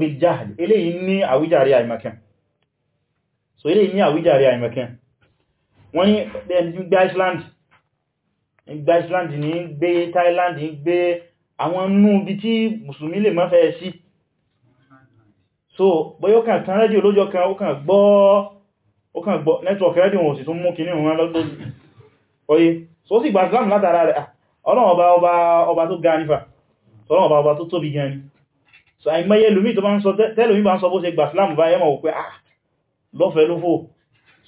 wọ́n ni gbá Iceland ìgbà Iceland ní gbé Thailand gbé àwọn nú bí tí mùsùlùmí lè má fẹ́ sí so bóyọ́ kan tán rẹ́díò lójọ́ kan ó kàn gbọ́ ó kàn gbọ́ network rẹ́díò wọn sì tún mú kìíní wọn lọ́gbọ́n oye so ó sì gba Islam látara rẹ̀ ah, ọlọ́wọ̀n ọba ọba ọba tó ga nífà ọlọ́wọ̀n ọba ọba tó tóbi gan ni so àìmọye lómi tó bá ń sọ tẹ́lómi bá ń sọ bó ṣe gba Islam bá ah,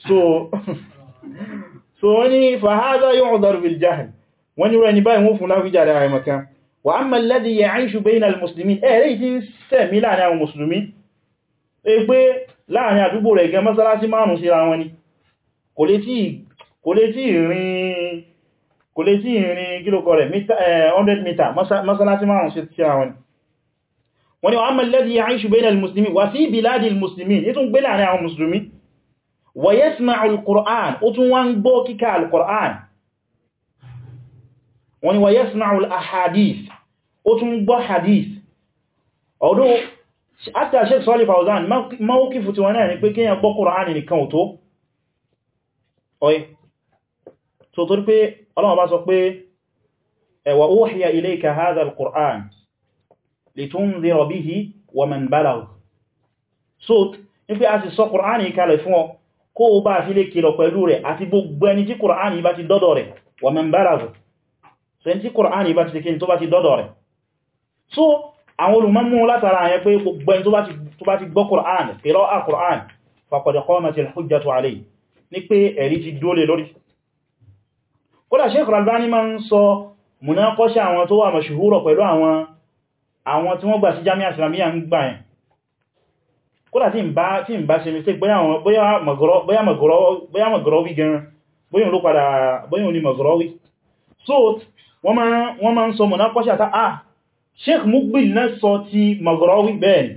so so wọ́n ni fahada yu'dar bil jahl wọ́n ni rẹ̀ ní báyìí wọ́n fún láfíjà da àìmọ̀kan wa amma alladhi ya'ishu bayna al-muslimin ẹ̀rẹ́ ìtí ń sẹ̀mí láàrin àwọn musulmi e pé láàrin àdúgbò rẹ̀ gan mọ́sálásí márùn síra wọn ni kò lè tí ìrìn kílòkọ 100 mítà mọ́sálásí márùn síra wọn ni wọ́n ni wa amma alladhi ya'ishu bayna al-muslimin wa fi biladi al musulmi wa yasma'u al-Qur'an ó tún wá ń gbọ́ kíkà al-Qur'an wọ́n ni wa yasma'u al-ahadith ó tún gbọ́ hadith ọdún àtà Shaykh Saalih Fawzān mawqifu tí wọ́n náà ni pé kíyàn gbọ́ Qur'an nìkan ò tó ọ̀yẹ́ so ní pé a sì sọ Qur'an kalẹ̀ fún ọ kó o bá fi lè kìlọ̀ pẹ̀lú rẹ̀ àti gbogbo ẹni tí kùránì bá ti dọ́dọ̀ rẹ̀ wà mẹ́ bárago so ẹni tí kùránì bá ti tẹ́kí tó bá ti dọ́dọ̀ rẹ̀ so àwọn olùmọ́mú látara àyẹ́ pé gbogbo ẹni tó bá ti gbọ́ kùránì pẹ̀lọ à kùránì faqad qamatil hujjatu alayhi Jamia Islamiyya ń kódà tí ń bá ṣe mistake bóyá Maghrawi gan bóyá ló padà bóyá ní Maghrawi so wọ́n ma ń sọ mọ̀ná pọ́ṣẹ́ àtà ah Sheikh Muqbil náà sọ ti Maghrawi bẹ́ẹ̀ni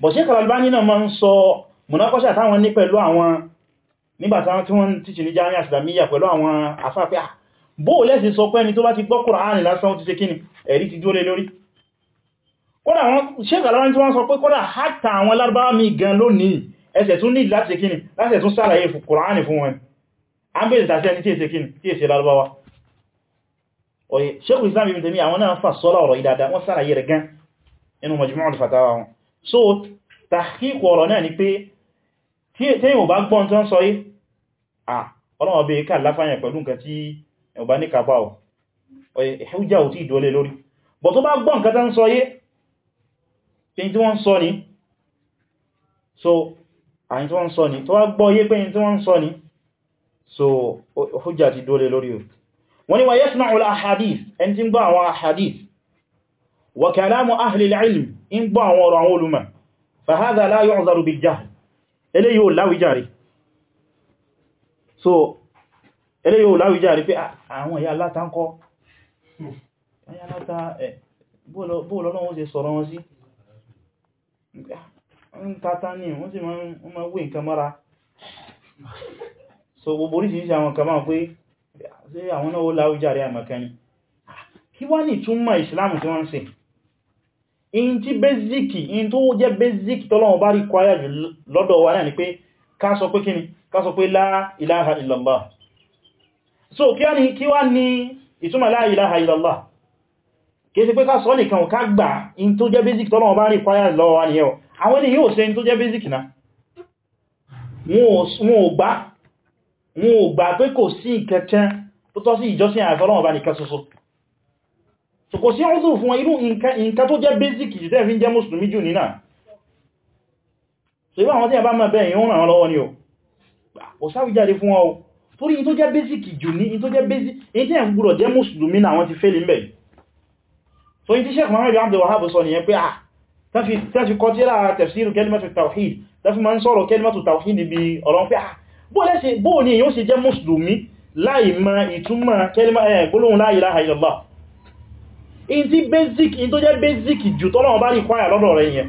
bọ̀ Sheikh Al-Albani náà ma ń sọ mọ̀ná pọ́ṣẹ́ àtàwọn ní pẹ̀lú àwọn nígbàtàwọn tí wọ́n tíṣì ní Jami'a Islamiyya pẹ̀lú àwọn afáfẹ́ bóò lẹ́sì sọ pẹ́ni tó bá ti gbọ́ Kùránì lásán ti ṣe kíni ẹ̀rí ti dúró lórí kódà wọn ṣéèkà lọ́rán tí wọ́n sọ pé kódà hátà àwọn lárúbáwá mi gan lónìí ẹsẹ̀ tún nílì láti kíni láti tún sàlàyé kùránì fún wọn a ń bèèrè tàṣẹ́ ní tí èsè kíni tí èsè lárúbáwá oye ṣéèkù islam ibi tèmi àwọn náà fà sọ́lá ọ̀rọ̀ ìdàdà wọ́n sàlàyé rẹ̀ gan inú majmu'ul fatawa wọn so tàkíkù ọ̀rọ̀ náà ni pé tẹ́yìn ò bá gbọ́n tó ń sọ yìí ah ọlọ́wọ́ bèé kà láfáyàn pẹ̀lú nǹkan tí ẹ̀ ò bá ní kàbáwọ̀ ẹ̀hújá ò tí ìdólé lórí bọ̀ tó bá gbọ́n nǹkan tó ń sọ yìí tí wọ́n sọ so àyí tí wọ́n sọ ní tó wá gbọ́ yé pé tí wọ́n sọ ní so hujja ti dole lórí o wọ́n ni wa yasma'u al-ahadith ẹni tí ń gbọ́ àwọn ahadith wa kalamu ahli al-ilm ń gbọ́ so eléyìí ò láwíjàre pé ah, àwọn ìyá aláta ń kọ́ hmm. bóòlọ́nà ó ṣe sọ̀rọ̀ wọn ń tata ní wọ́n sì máa wé nǹkan mọ́ra so gbogbo oríṣìíríṣìí àwọn kan máa pé sí àwọn náà ó láwújáre àmàkání kí wá ní túnmọ̀ ìsìláàmù tí wọ́n ń ṣe in tí bẹ́zíkì in tó jẹ́ bẹ́zíkì tọ́lọ́wọ́ bá rí kwáyà jù lọ́dọ̀ wa náà ni pé ká sọ pé kíni ká sọ pé la ilaha illallah so kí wá ní ìtúnmọ̀ la ilaha illallah kìí sí pé ká sọ nìkan ká gbà in tó jẹ́ basic tọ́lọ́wọ́ bá rí kwáyà lọ́wọ́ wá ní ẹwọ̀ àwọn ilé yóò ṣe in tó jẹ́ basic na, wọn ò gbà pé kò sí ìkẹ̀kẹ́ tó tọ́ sí ìjọsìn àìfọ́lọ́wọ́ bá nìkan ṣoṣo so kò sí ọdún fún wọn irú nǹkan tó jẹ́ basic jìtẹ́ fi ń jẹ́ mùsùlùmí jù nínà so ibá àwọn tí a bá mọ̀ bẹ́ẹ̀ yíò ràn basic jù ní in basic in tí ẹ̀ ń gbúrọ̀ jẹ́ mùsùlùmí náà wọ́n so in ti sheikh mohamed abdul wahab sọ nìyẹn pé ah ta fi kọ́ tíra tafsir kalimatu tawhid ta fi ma ń sọ̀rọ̀ kalimatu tawhid bí ọ̀rọ̀ pé ah bó ní èyàn sì jẹ́ mùsùlùmí láì ma ìtumọ̀ eh, gbólóhùn la ilaha illallah in ti basic in tó jẹ́ basic jù tọ́lọ́wọ́ bá require lọ́dọ̀ rẹ̀ yẹn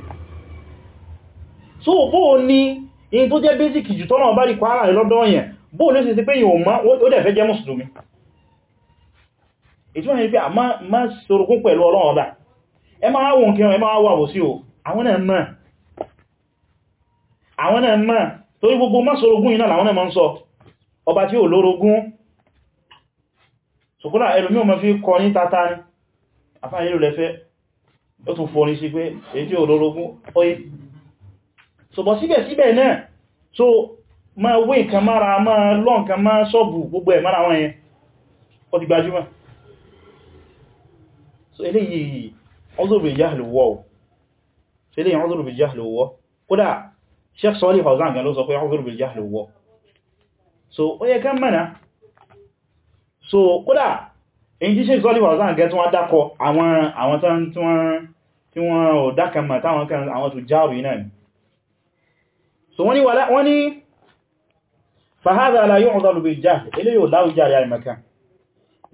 so bó ní in tó jẹ́ basic jù tọ́lọ́wọ́ bá require lọ́dọ̀ yẹn bó ní ó sì sí pé yíò má ó dẹ̀ fẹ́ jẹ́ mùsùlùmí ìtúmọ̀ ní pé a má sorokún pẹ̀lú ọlọ́run ọba ẹ máa wọn kí ẹ máa wà wò sí o àwọn náà mọ̀ àwọn náà mọ̀ torí gbogbo má sorogún iná làwọn náà máa ń sọ ọba tí ò lórogún sòkúrà ẹlòmí fi kọ ní tata ní àfáà yẹ́lò lẹ́fẹ́ ó tún fọ́ ní sí pé èyí tí ò lórogún ọyé so bọ̀ síbẹ̀síbẹ̀ náà so ma wé ma lọ́ nǹkan ma sọ́bù gbogbo ẹ̀ mára so eléyìí ọzọ̀rọ̀ ìjáhìlúwọ́ so eléyìí ọzọ̀rọ̀ ìjáhìlúwọ́ kódà Sheikh Saalih Al Fawzān gan ló sọ pé ọzọ̀rọ̀ ìjáhìlúwọ́ so ó yẹ ká mẹ́na so kódà èyí tí Sheikh Saalih Al Fawzān gẹ́ tí wọ́n dákọ àwọn tí wọ́n ò dákàmà táwọn kan àwọn tó jáàrù náà ni so wọ́n ni fahadha la yu'dhalu bil jahl eléyìí ò láwùjáre àìmọ̀kan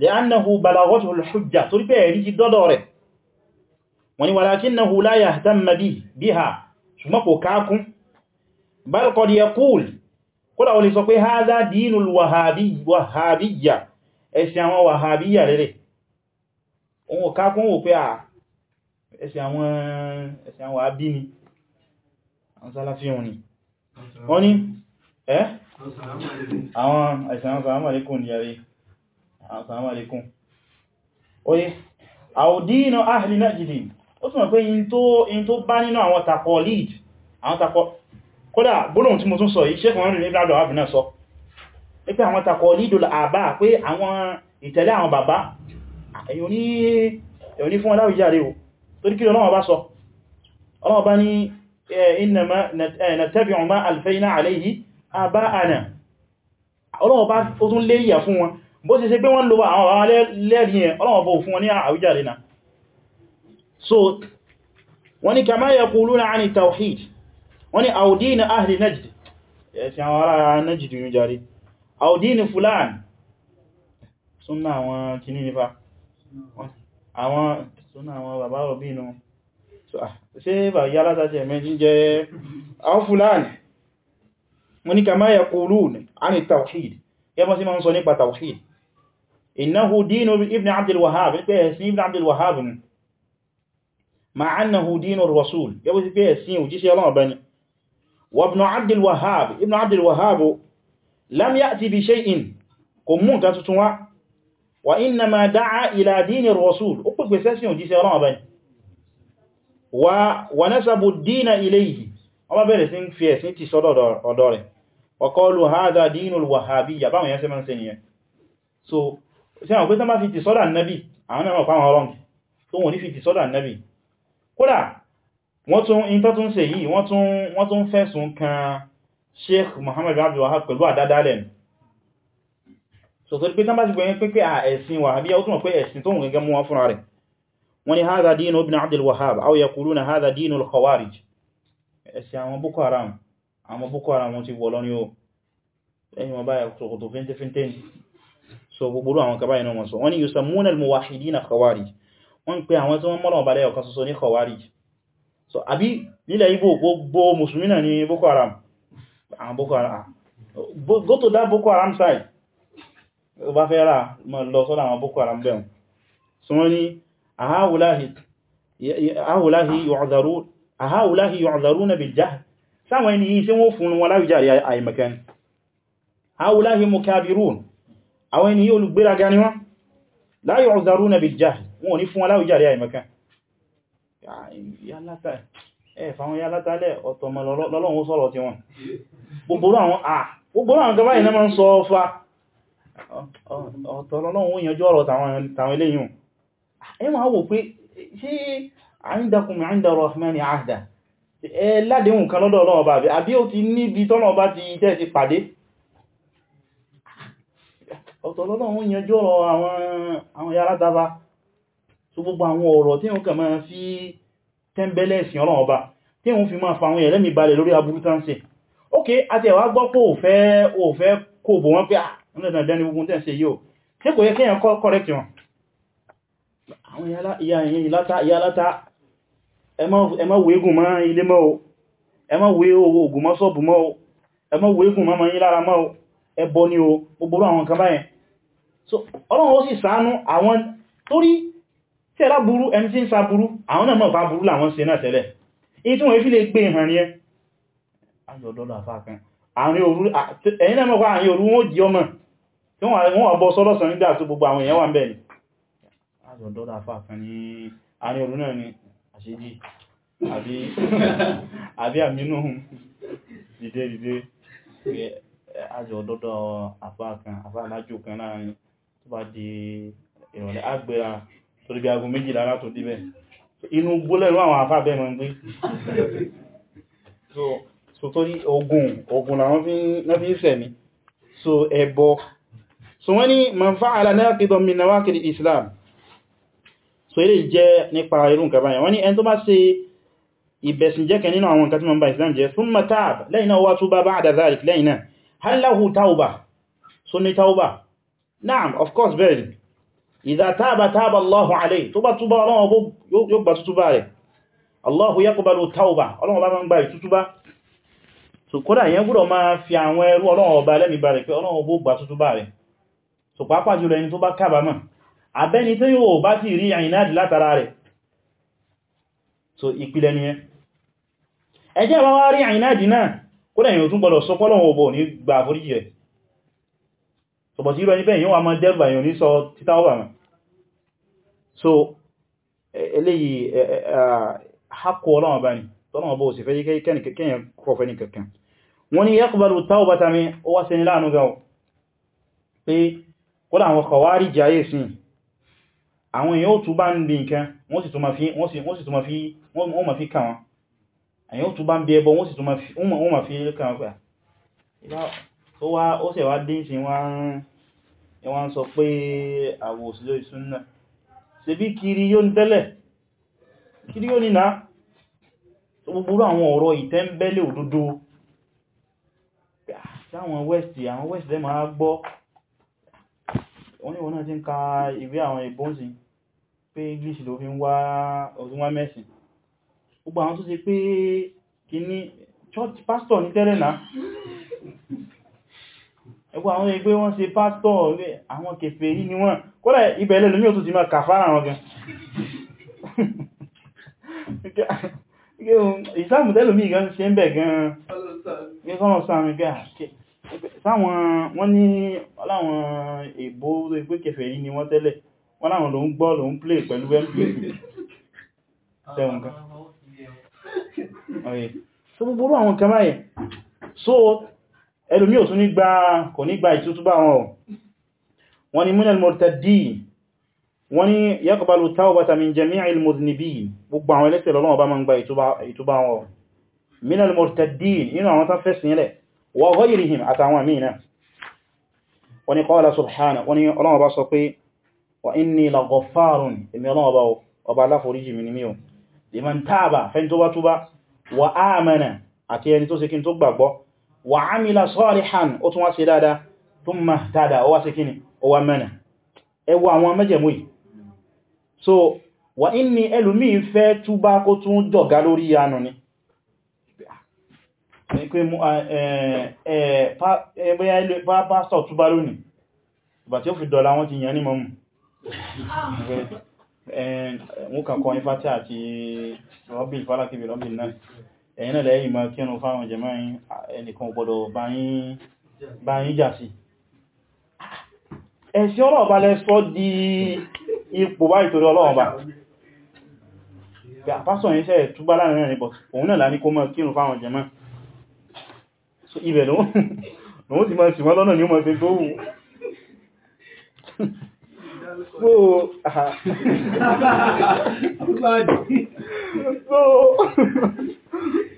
li'annahu balaghathu al-hujja torí pé ẹ̀rí ti dọ́dọ̀ rẹ̀ wọ́n ní walakinnahu la yahtamma biha ṣùgbọ́n kò kákún bal qad yaqul kódà wọ́n lè sọ pé hadha dinul wàhábíyà ẹ̀sìn àwọn wàhábíyà rere òun kákún wò pé ẹ̀sìn àwọn àbí àwọn sálàfíhùn ni wọ́n ní assalamu alaikum oye àwòdínà ahìlì nájìdì ó túnmọ̀ pé in tó bá nínú àwọn takọ̀ lead àwọn takọ̀ kódà gbóòlùn tí mo tún sọ yìí sẹ́kùn rìn nígbàdọ̀ àbìnà sọ pé àwọn takọ̀ lead àbá pé àwọn ìtẹ̀lé àwọn bàbá èyàn ní fún aláwìjáre o tó ní kí Ọlọ́run bá sọ Ọlọ́run bá bó ti ṣe pé wọ́n lọ́wọ́ àwọn àwọn lẹ́rí yẹn ọlọ́wọ́ bó fún wọn so wọ́n ni tawhid wọ́n ni najd ẹ̀sì àwọn ará najd yìí jari fulan àwọn kìíní àwọn àwọn bàbá rọ̀bí ah, bà إنه دين ابن عبد الوهاب بيهسين ابن عبد الوهاب مع أنه دين الرسول بيهسين وجيسي الله بني وابن عبد الوهاب ابن عبد الوهاب لم يأتي بشيء قمون كتتوا وإنما دعا إلى دين الرسول أقول بيهسين وجيسي الله بني ونسب الدين إليه أما في فيهسين تسودوا ودوري وقالوا هذا دين الوهابية بعمل يسمى سنية so sí àwọn pé tán bá fi ti sọ́dà nẹ́bì àwọn náà pàwọn ọlọ́ngì tó wọ́n ní fi ti sọ́dà nẹ́bì kódà wọ́n tún in tó tún ṣe yìí wọ́n tún fẹ̀sùn kan Sheikh Muhammad bin Abdul Wahab pẹ̀lú àdádálẹ̀ so tó pé tán bá ti gbẹ̀yẹn pé pé à ẹ̀sìn Wahhabiyya ó túnmọ̀ pé ẹ̀sìn tó gẹ́gẹ́ mú wọn fúnra rẹ̀ wọ́n ni hadha dinu ibn Abdul Wahhab aw yaquluna hadha dinu al-khawarij ẹ̀sìn àwọn Boko Haram àwọn Boko Haram wọ́n ti wọ̀ lọ ní ẹ̀yìn wọn báyà kòtòkòtò fẹ́ntẹ́fẹ́ntẹ́ so gbogbo àwọn kaba iná wọn so wọ́n ni yusammuna al-muwahhidina khawarij wọ́n pè àwọn tí wọ́n mọ́lọ̀ balẹ̀ ọ̀kan ṣoṣo ní khawarij so àbí nílẹ̀ Ìgbò gbogbo musulmi náà ni Boko Haram àwọn Boko Haram ah, go to that Boko Haram side o bá fẹ́ rà lọ sọ́dọ̀ àwọn Boko Haram bẹ̀rùn so wọ́n ni ahawulahi yu'dharuna bil jahl sáwọn ẹni yìí sí wọ́n fún wọn láwùjáre àìmọ̀kẹ́ni ahawulahi mukabirun àwọn ẹni yóò olùgbéraga ni wọ́n la yu'zaruna bil jahl wọn ò ní fún aláwọ̀ jàrí àìmọ̀kan ẹ̀fàwọn ya látàlẹ̀ ọ̀tọ̀mọ̀ lọ́lọ́wọ́ sọ́rọ̀ tí wọ́n gbogbo àwọn gaba iná ma ń sọ fa ọ̀tọ̀ lọ́lọ́wọ́ yanjú ọ̀rọ̀ tàwọn eléyìn ẹ ma wò pé ṣe àìndakùn mi àìndà rahmani ahda ẹ ládéhùn kan lọ́dọ̀ ọlọ́ọ̀bá àbí ó ti níbi ọ̀tọ̀ lọ́lọ́run yanjú ọ̀rọ̀ àwọn yàrá dába tó gbogbo àwọn ọ̀rọ̀ tí wọ́n kà máa fi tẹ́mbẹ́lẹ̀ ẹ̀sìn ọlọ́run ọba tí wọ́n fi máa fa àwọn ẹ̀lẹ́mì balẹ̀ lórí aburú tán ṣe ok àti ẹ̀wà gbọ́ pé ò fẹ́ ò fẹ́ kò bò wọ́n pé à ah, ń lẹ́dàn dání gbogbo tẹ́ ṣe yóò tí kò yẹ kéèyàn kọ́ correct wọn àwọn ìyá látà ẹ má wégùn mọ́ ilé mọ́ ẹ má wé oògùn mọ́ sọ́ọ̀bù mọ́ ẹ má wégùn mọ́ mọ́ yí lára mọ́ ẹbọ ni o gbogbo àwọn kan báyẹn so ọlọ́run ó sì ṣàánú àwọn torí tí ẹlá burú ẹni tí ń sa burú àwọn náà mọ̀ bá burú làwọn ṣe náà tẹ́lẹ̀ èyí tí wọ́n fi lè gbé ìhàn ní ẹ ayọ̀dọ́lọ́ àfáàkan ẹ̀yìn náà mọ́kọ́ àárín òru wọ́n jí ọmọ tí wọ́n wà bọ́ sọ́lọ́sàn nígbà tó gbogbo àwọn èèyàn wà ń bẹ̀ ni ayọ̀dọ́lọ́ àfáàkan ní àárín òru náà ni àṣejì àbí àmínú dìde dìde ayọ̀dọ́lọ́ àfáàkan àfáàlájò kan láàrin bá di ìrọ̀lẹ́ agbéra torí bí aago méjìlá látò díbẹ̀ inú gbólẹ̀rú àwọn afá bẹ́ẹ̀ mọ́ ń gbé so torí ogun ogun làwọn fi ń sẹ̀mí so ẹbọ so wọ́n ni man fa'ala naqidan min nawaqid islam so ilé jẹ́ nípa irú nǹkan báyìí wọ́n ni ẹni tó bá ṣe ìbẹ̀sìnjẹ́ kan nínú àwọn nǹkan tí ma ń bá islam jẹ́ thumma taab lẹ́yìn náà wá túbá ba'da dhalik lẹ́yìn náà hal lahu tawba so ní tawba Naam, of course bẹ́ẹ̀ ni. Idha taba taba Allahu alayhi. Tó bá túbá ọlọ́wọ́ bó yóò gbà tútúbá rẹ̀. Allahu yaqbalu tawba. Ọlọ́wọ́ bá máa ń gba ìtútúbá. So kódà yẹn ma fi àwọn ẹrú ọlọ́wọ́ ọba lẹ́mìí pé So sọ̀bọ̀ sí irú ẹni bẹ́ẹ̀ yíò wà máa dẹ́rùbà èyàn ní sọ títà ọ̀bà mọ̀ so e, eléyìí e, e, hakọ ọlọ́wọ̀n bá ní tọ́lọ́wọ̀n bó sì fẹ́ yí kẹ́yàn kọfẹ́ ní kankan wọ́n ni yaqbalu tawbata mi ó wá sí ní láàánú gan pé kọ́lá àwọn kọwárí jayé sí àwọn èyàn ó tún bá ń bí nǹkan wọ́n sì tún ma fi kàn wọ́n èyàn ó tún bá ń bí ẹbọ wọ́n sì tún ma fi kàn wọ́n ah, ó wá ó sẹ̀ wá dé sí wọ́n ń sọ pé àwọn òsì lórí súnnà ṣe kiri yóò kiri yóò ní tó gbogbo àwọn ọ̀rọ̀ ìtẹ́ńbẹ́lẹ̀ òdodo sáwọn west àwọn west lẹ́ máa gbọ́ wọ́n ní wọ́n ti ka ìwé àwọn ìbọ́nsì pé english ló fi ń wá mẹ́sìn gbogbo àwọn tó ṣe pé pastor ní ẹgbẹ́ àwọn ẹgbẹ́ wọ́n ṣe pásítọ̀ àwọn kèfèrí ni wọ́n kọ́lẹ̀ ibẹ̀ ilẹ̀ lómi òtútù máa kàfàrà wọn gan ìsáàmù tẹ́lómi gan ṣe ń bẹ̀ gan ìsọ́nà sáàmì gan sáwọn wọ́n ní láwọn èbó pé kèfèrí ni wọ́n tẹ́lẹ̀ wọ́n láwọn ló ń gbọ́ ló ń plé pẹ̀lú wẹ́mplé ẹlùmí ò tún ní gba kò ní gba ìtútúbà wọn wọ́n ni minal murtaddin wọ́n ni yaqbalu tawbata min jami'il mudhnibin gbogbo àwọn ẹlẹ́ṣẹ̀ lọ́lọ́wọ́ bá ma ń gba ìtúbà wọn minal murtaddin inú àwọn tán fẹ́ sílẹ̀ wa ghayrihim àtàwọn míì náà wọ́n ni qala subhanahu wọ́n ni ọlọ́wọ́ bá sọ wà ámìlà salihan ó tún wá ṣe dáadáa thumma ihtada ó wá ṣe kíni ó wá mẹ́nà ẹwọ àwọn mẹ́jẹ̀mú yìí so wà inni ẹlùmí fẹ́ túbá kó tún dọ̀gá lórí yanu ni bóyá pásítọ̀ túbá lónìí ìgbà tí ó fi dọ̀lá wọ́n ti yàn ní mọ́mù mú ifá tí àti rọ́bìn fálákìbì rọ́bìn náà ẹ̀yin náà lẹ́yìn ma kírun fáwọn jẹmọ́ ẹnìkan gbọdọ̀ bá yín jà sí ẹ̀sí ọlọ́run bá lẹ́sọ́ di ipò bá ìtorí ọlọ́run bá pásọ̀ yìí sẹ́ túbá láàrin rẹ̀ bọ̀t òun náà láni kó mọ́ kírun fáwọn jẹmọ́ ibẹ̀ lóun ti máa sì wọ́n lọ́nà ní ọmọ ẹgbẹ́ tó wù so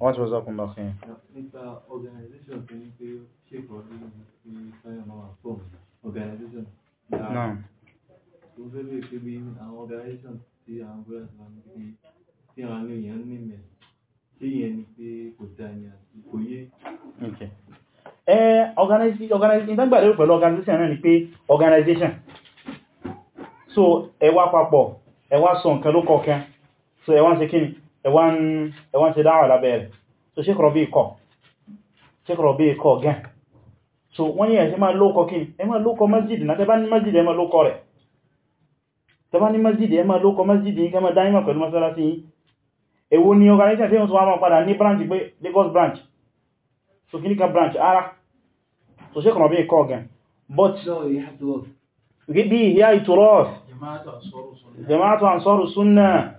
wọ́n ti rọ́sọ́kùn lọ kí nípa organization tó organization organization tí a ń gbọ́dọ̀ ní pé organization náà ni pé organization so ẹ wá papọ̀ ẹ wá sọ nǹkan ló kọ̀ọ̀kan so ẹ wá ń ṣe kíni ẹwọ́n ṣe dáwà lábẹ́ẹ̀rẹ̀ so Sheikh Rabi kọ Sheikh Rabi kọ so wọ́n yẹ̀ ṣe máa lókọ kí ẹ máa lókọ masjid na tẹbá ní masjid ẹ máa lókọ rẹ̀ tẹbá ní masjid ẹ máa lókọ masjid yí kẹma dáyíma pẹ̀lú masalasi yí èwo ni organization tí wọ́n tún wá máa padà ní branch pé branch so kí ní ka branch ara so Sheikh Rabi kọ gan but bí ìyá ìtòrọ̀ jama'atu ansoru sunna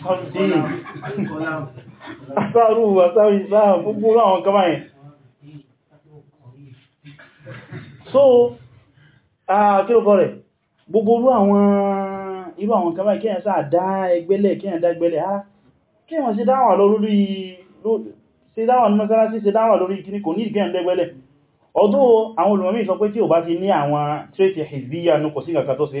sọ́dí àtàrù àtàrù islam gbogbo àwọn kama yẹn so kí ló kọ́ rẹ̀ gbogbo olú àwọn irú àwọn kama kíyàn sáà dá ẹgbẹ́lẹ̀ kíyàn dá ẹgbẹ́lẹ̀ ha kíyàn sí dáwà lórí sí dáwà ní mọ́sálásí sí dáwà lórí kíní kò ní ìgbẹ́yàn dẹ́gbẹ́lẹ̀ ọdún àwọn olùmọ̀mí sọ pé tí ò bá ti ní àwọn tírètì hizbiyya nù kò sí kàkà tó sí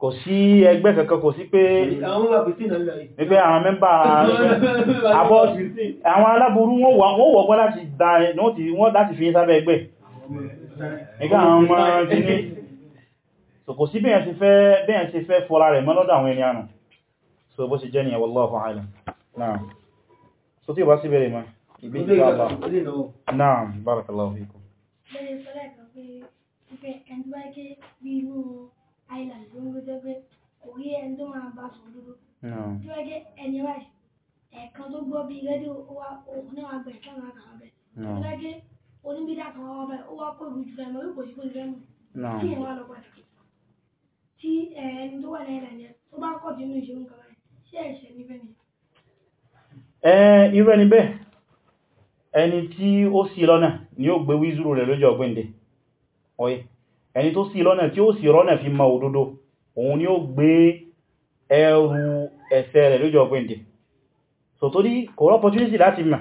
kò sí ẹgbẹ́ kankan kò sí pé wípé àwọn mẹ́mbà àbọ́sì àwọn aláburú wọ́n wọ́pọ̀ láti dá nọ́tí wọ́n láti fi sábẹ́ ẹgbẹ́ ẹgbẹ́ àwọn ọmọ gini so kò sí bẹ́yàn ṣe fẹ́ fọ́lá rẹ̀ mọ́lọ́dọ̀ àwọn ẹni ànà so bó ṣe jẹ́ ni wallahu a'lam naam so tí ó island tó ń gbé jẹ́ pé kò rí ẹni tó máa bá sọ dúró. tó bá jẹ́ ẹni báyìí ẹ̀ẹ̀kan tó gbọ́ bíi rédíò ó wá ní wàá gbẹ̀ tí wọ́n á kà wá bẹ̀. tó bá jẹ́ oníbídà kan wá báyìí ó wá kó ìlú jùlọ ẹ̀mọ́ wípé òṣìkò ìfẹ́ mọ̀ kí ẹ̀ wá lọ padà. tí ẹni tó wà ní island yẹn tó bá kọ̀ tínú ìṣòro ẹni tí ó ṣì lọ́nà ni ó gbé wízúrò rẹ̀ lọ́jọ́ ọ̀gbẹ́ndẹ̀ ọ̀yẹ́ ẹni tó ṣì lọ́nà tí ó sì rọ́nà fi ma òdodo òun ni ó gbé ẹrù ẹ̀ṣẹ̀ rẹ̀ lójọ́ ọ̀gbẹ́ndẹ̀ so torí kò rọ́ opportunity láti mà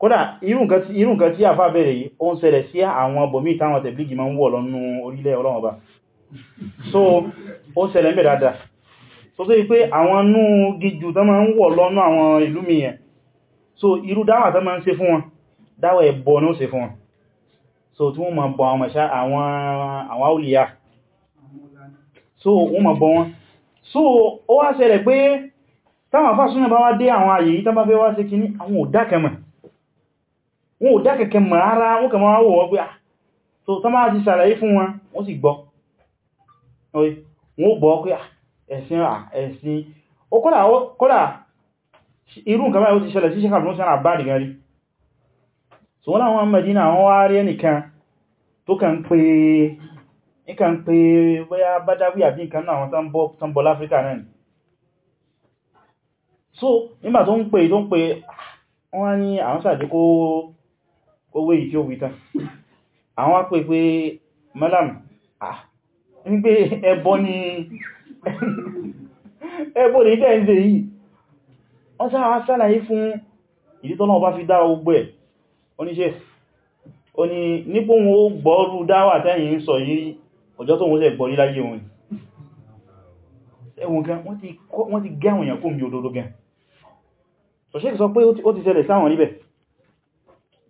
kódà irú nǹkan tí àfá bẹ̀rẹ̀ yìí ó ń ṣẹlẹ̀ sí àwọn bòmí táwọn tẹ̀blígì ma ń wọ̀ lọ́nú orílẹ̀ ọlọ́wọ̀n so ó ṣẹlẹ̀ ń bẹ̀ dáadáa so tó yí pé àwọn nú gíjù so irú dáwà tán ma ń ṣe fún wọn so tí wọ́n ma bọ àwọn mọ̀ṣá àwọn àwáwùlìyà so wọ́n ma bọ wọn so ó wá ṣẹlẹ̀ pé táwọn afásúnà bá wá dé àwọn àyè yìí tánbá fẹ́ wá sí kíní àwọn ò wọn ò dákẹkẹ wọn kẹ máa wọ́n pé ah, so tánbá ti ṣàlàyé fún wọn wọ́n sì gbọ́ wọ́n gbọ́ pé ah, ẹ̀sìn ah, ẹ̀sìn ó kọ́lá irú nǹkan báyìí na ti ṣẹlẹ̀ sí so wọ́n láwọn Madina àwọn wá rí ẹnìkan tó kàn pé nǹkan pé bóyá bádáwí àbí nǹkan náà àwọn tán bọ̀ láfíríkà náà so nígbà tó ń pè tó ń pè wọ́n ní àwọn sàdé kó owó èyí tí ó wítá àwọn wá pè pé mẹ́làmù ah ní pé ẹbọ ni ẹbọ ní tẹ́ ń ṣe yìí wọ́n sáà wá sálàyé fún ìdítọ́nà ọba fi dá ogbó ẹ̀ oníṣẹ́ o nípò wọn ó gbọ́rú dáwà tẹ́yìn sọ yìí ọjọ́ tó wọ́n sẹ gbọ́rí láyé wọn ẹwọ̀n gan wọ́n ti gẹ́ àwọn kó mi òdodo gan ṣọ́ṣẹ́ sọ pé ó ti ṣẹlẹ̀ sáwọn níbẹ̀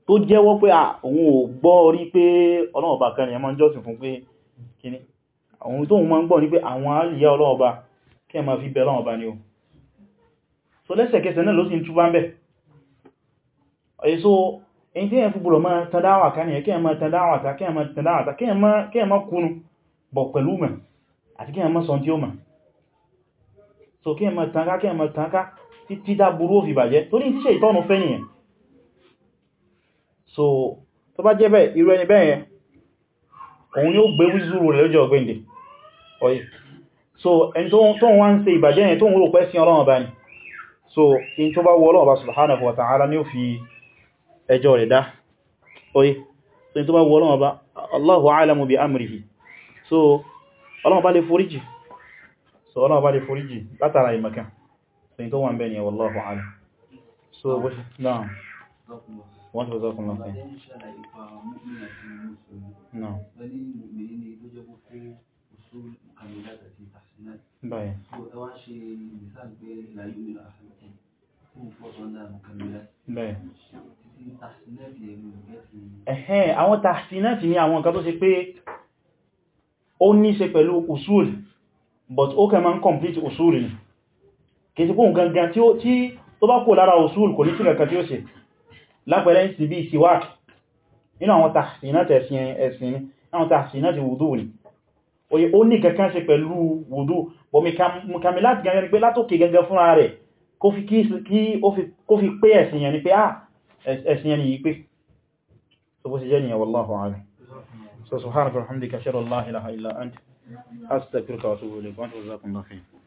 tó jẹ́wọ́ pé àwọn ò gbọ́ pé ọlọ́ọ̀bà kan èyí tí yẹn fi gbọ́dọ̀ máa tan dáwà ká ní ẹ kí ẹ máa tan dáwà ta kí ẹ máa tan dáwà ta kí ẹ máa kúnnù bọ̀ pẹ̀lú mẹ́ àti kí ẹ máa sọ́n tí ó mẹ́ so kí ẹ máa tan ká kí ẹ máa tan ká títí dá burú ò bàjẹ́ torí tí ṣe ìtọ́nù fẹ́ nìyẹn so tó bá jẹ́ bẹ́ẹ̀ irú ẹni bẹ́ẹ̀ yẹn òun yóò gbé so ẹni tó ń wá ń ṣe ìbàjẹ́ yẹn tó so in tó bá wọ́ ọlọ́run ọba subhanahu wa ta'ala ẹjọ́ rẹ̀ dá oye so ní tó bá wọ ọlọ́wọ́ bá Allahu alamu bi amrihi so ọlọ́wọ́ bá lè foríjì so ọlọ́wọ́ bá lè foríjì látara ìmọ̀kan so ní tó wà ń bẹ́ ni so wọ́n tó zọ́kùn lọ́kùn ẹ̀hẹ́n àwọn tahsinati ni àwọn nǹkan tó ṣe pé ó ní ṣe pẹ̀lú usul but ó kẹ ma ń complete usul ni kì í sí kóhùn gangan tí tó bá kò lára usul kò ní sí kankan tí ó ṣe lápẹẹrẹ ń sì bí siwak nínú àwọn tahsinati ẹ̀sìn ni àwọn tahsinati wudu ni oye ó ní kankan ṣe pẹ̀lú wudu but mukamilat gangan ni pé látòkè gangan fúnra rẹ̀ kó fi pé ẹ̀sìn yẹn ni ah, اسنيني يعني يكوي سبوسي جاني يعني، والله عالم سبحانك الحمدك شر الله اله إلا أنت أستكرك وأتوب إليك وأنت وزاكم الله خير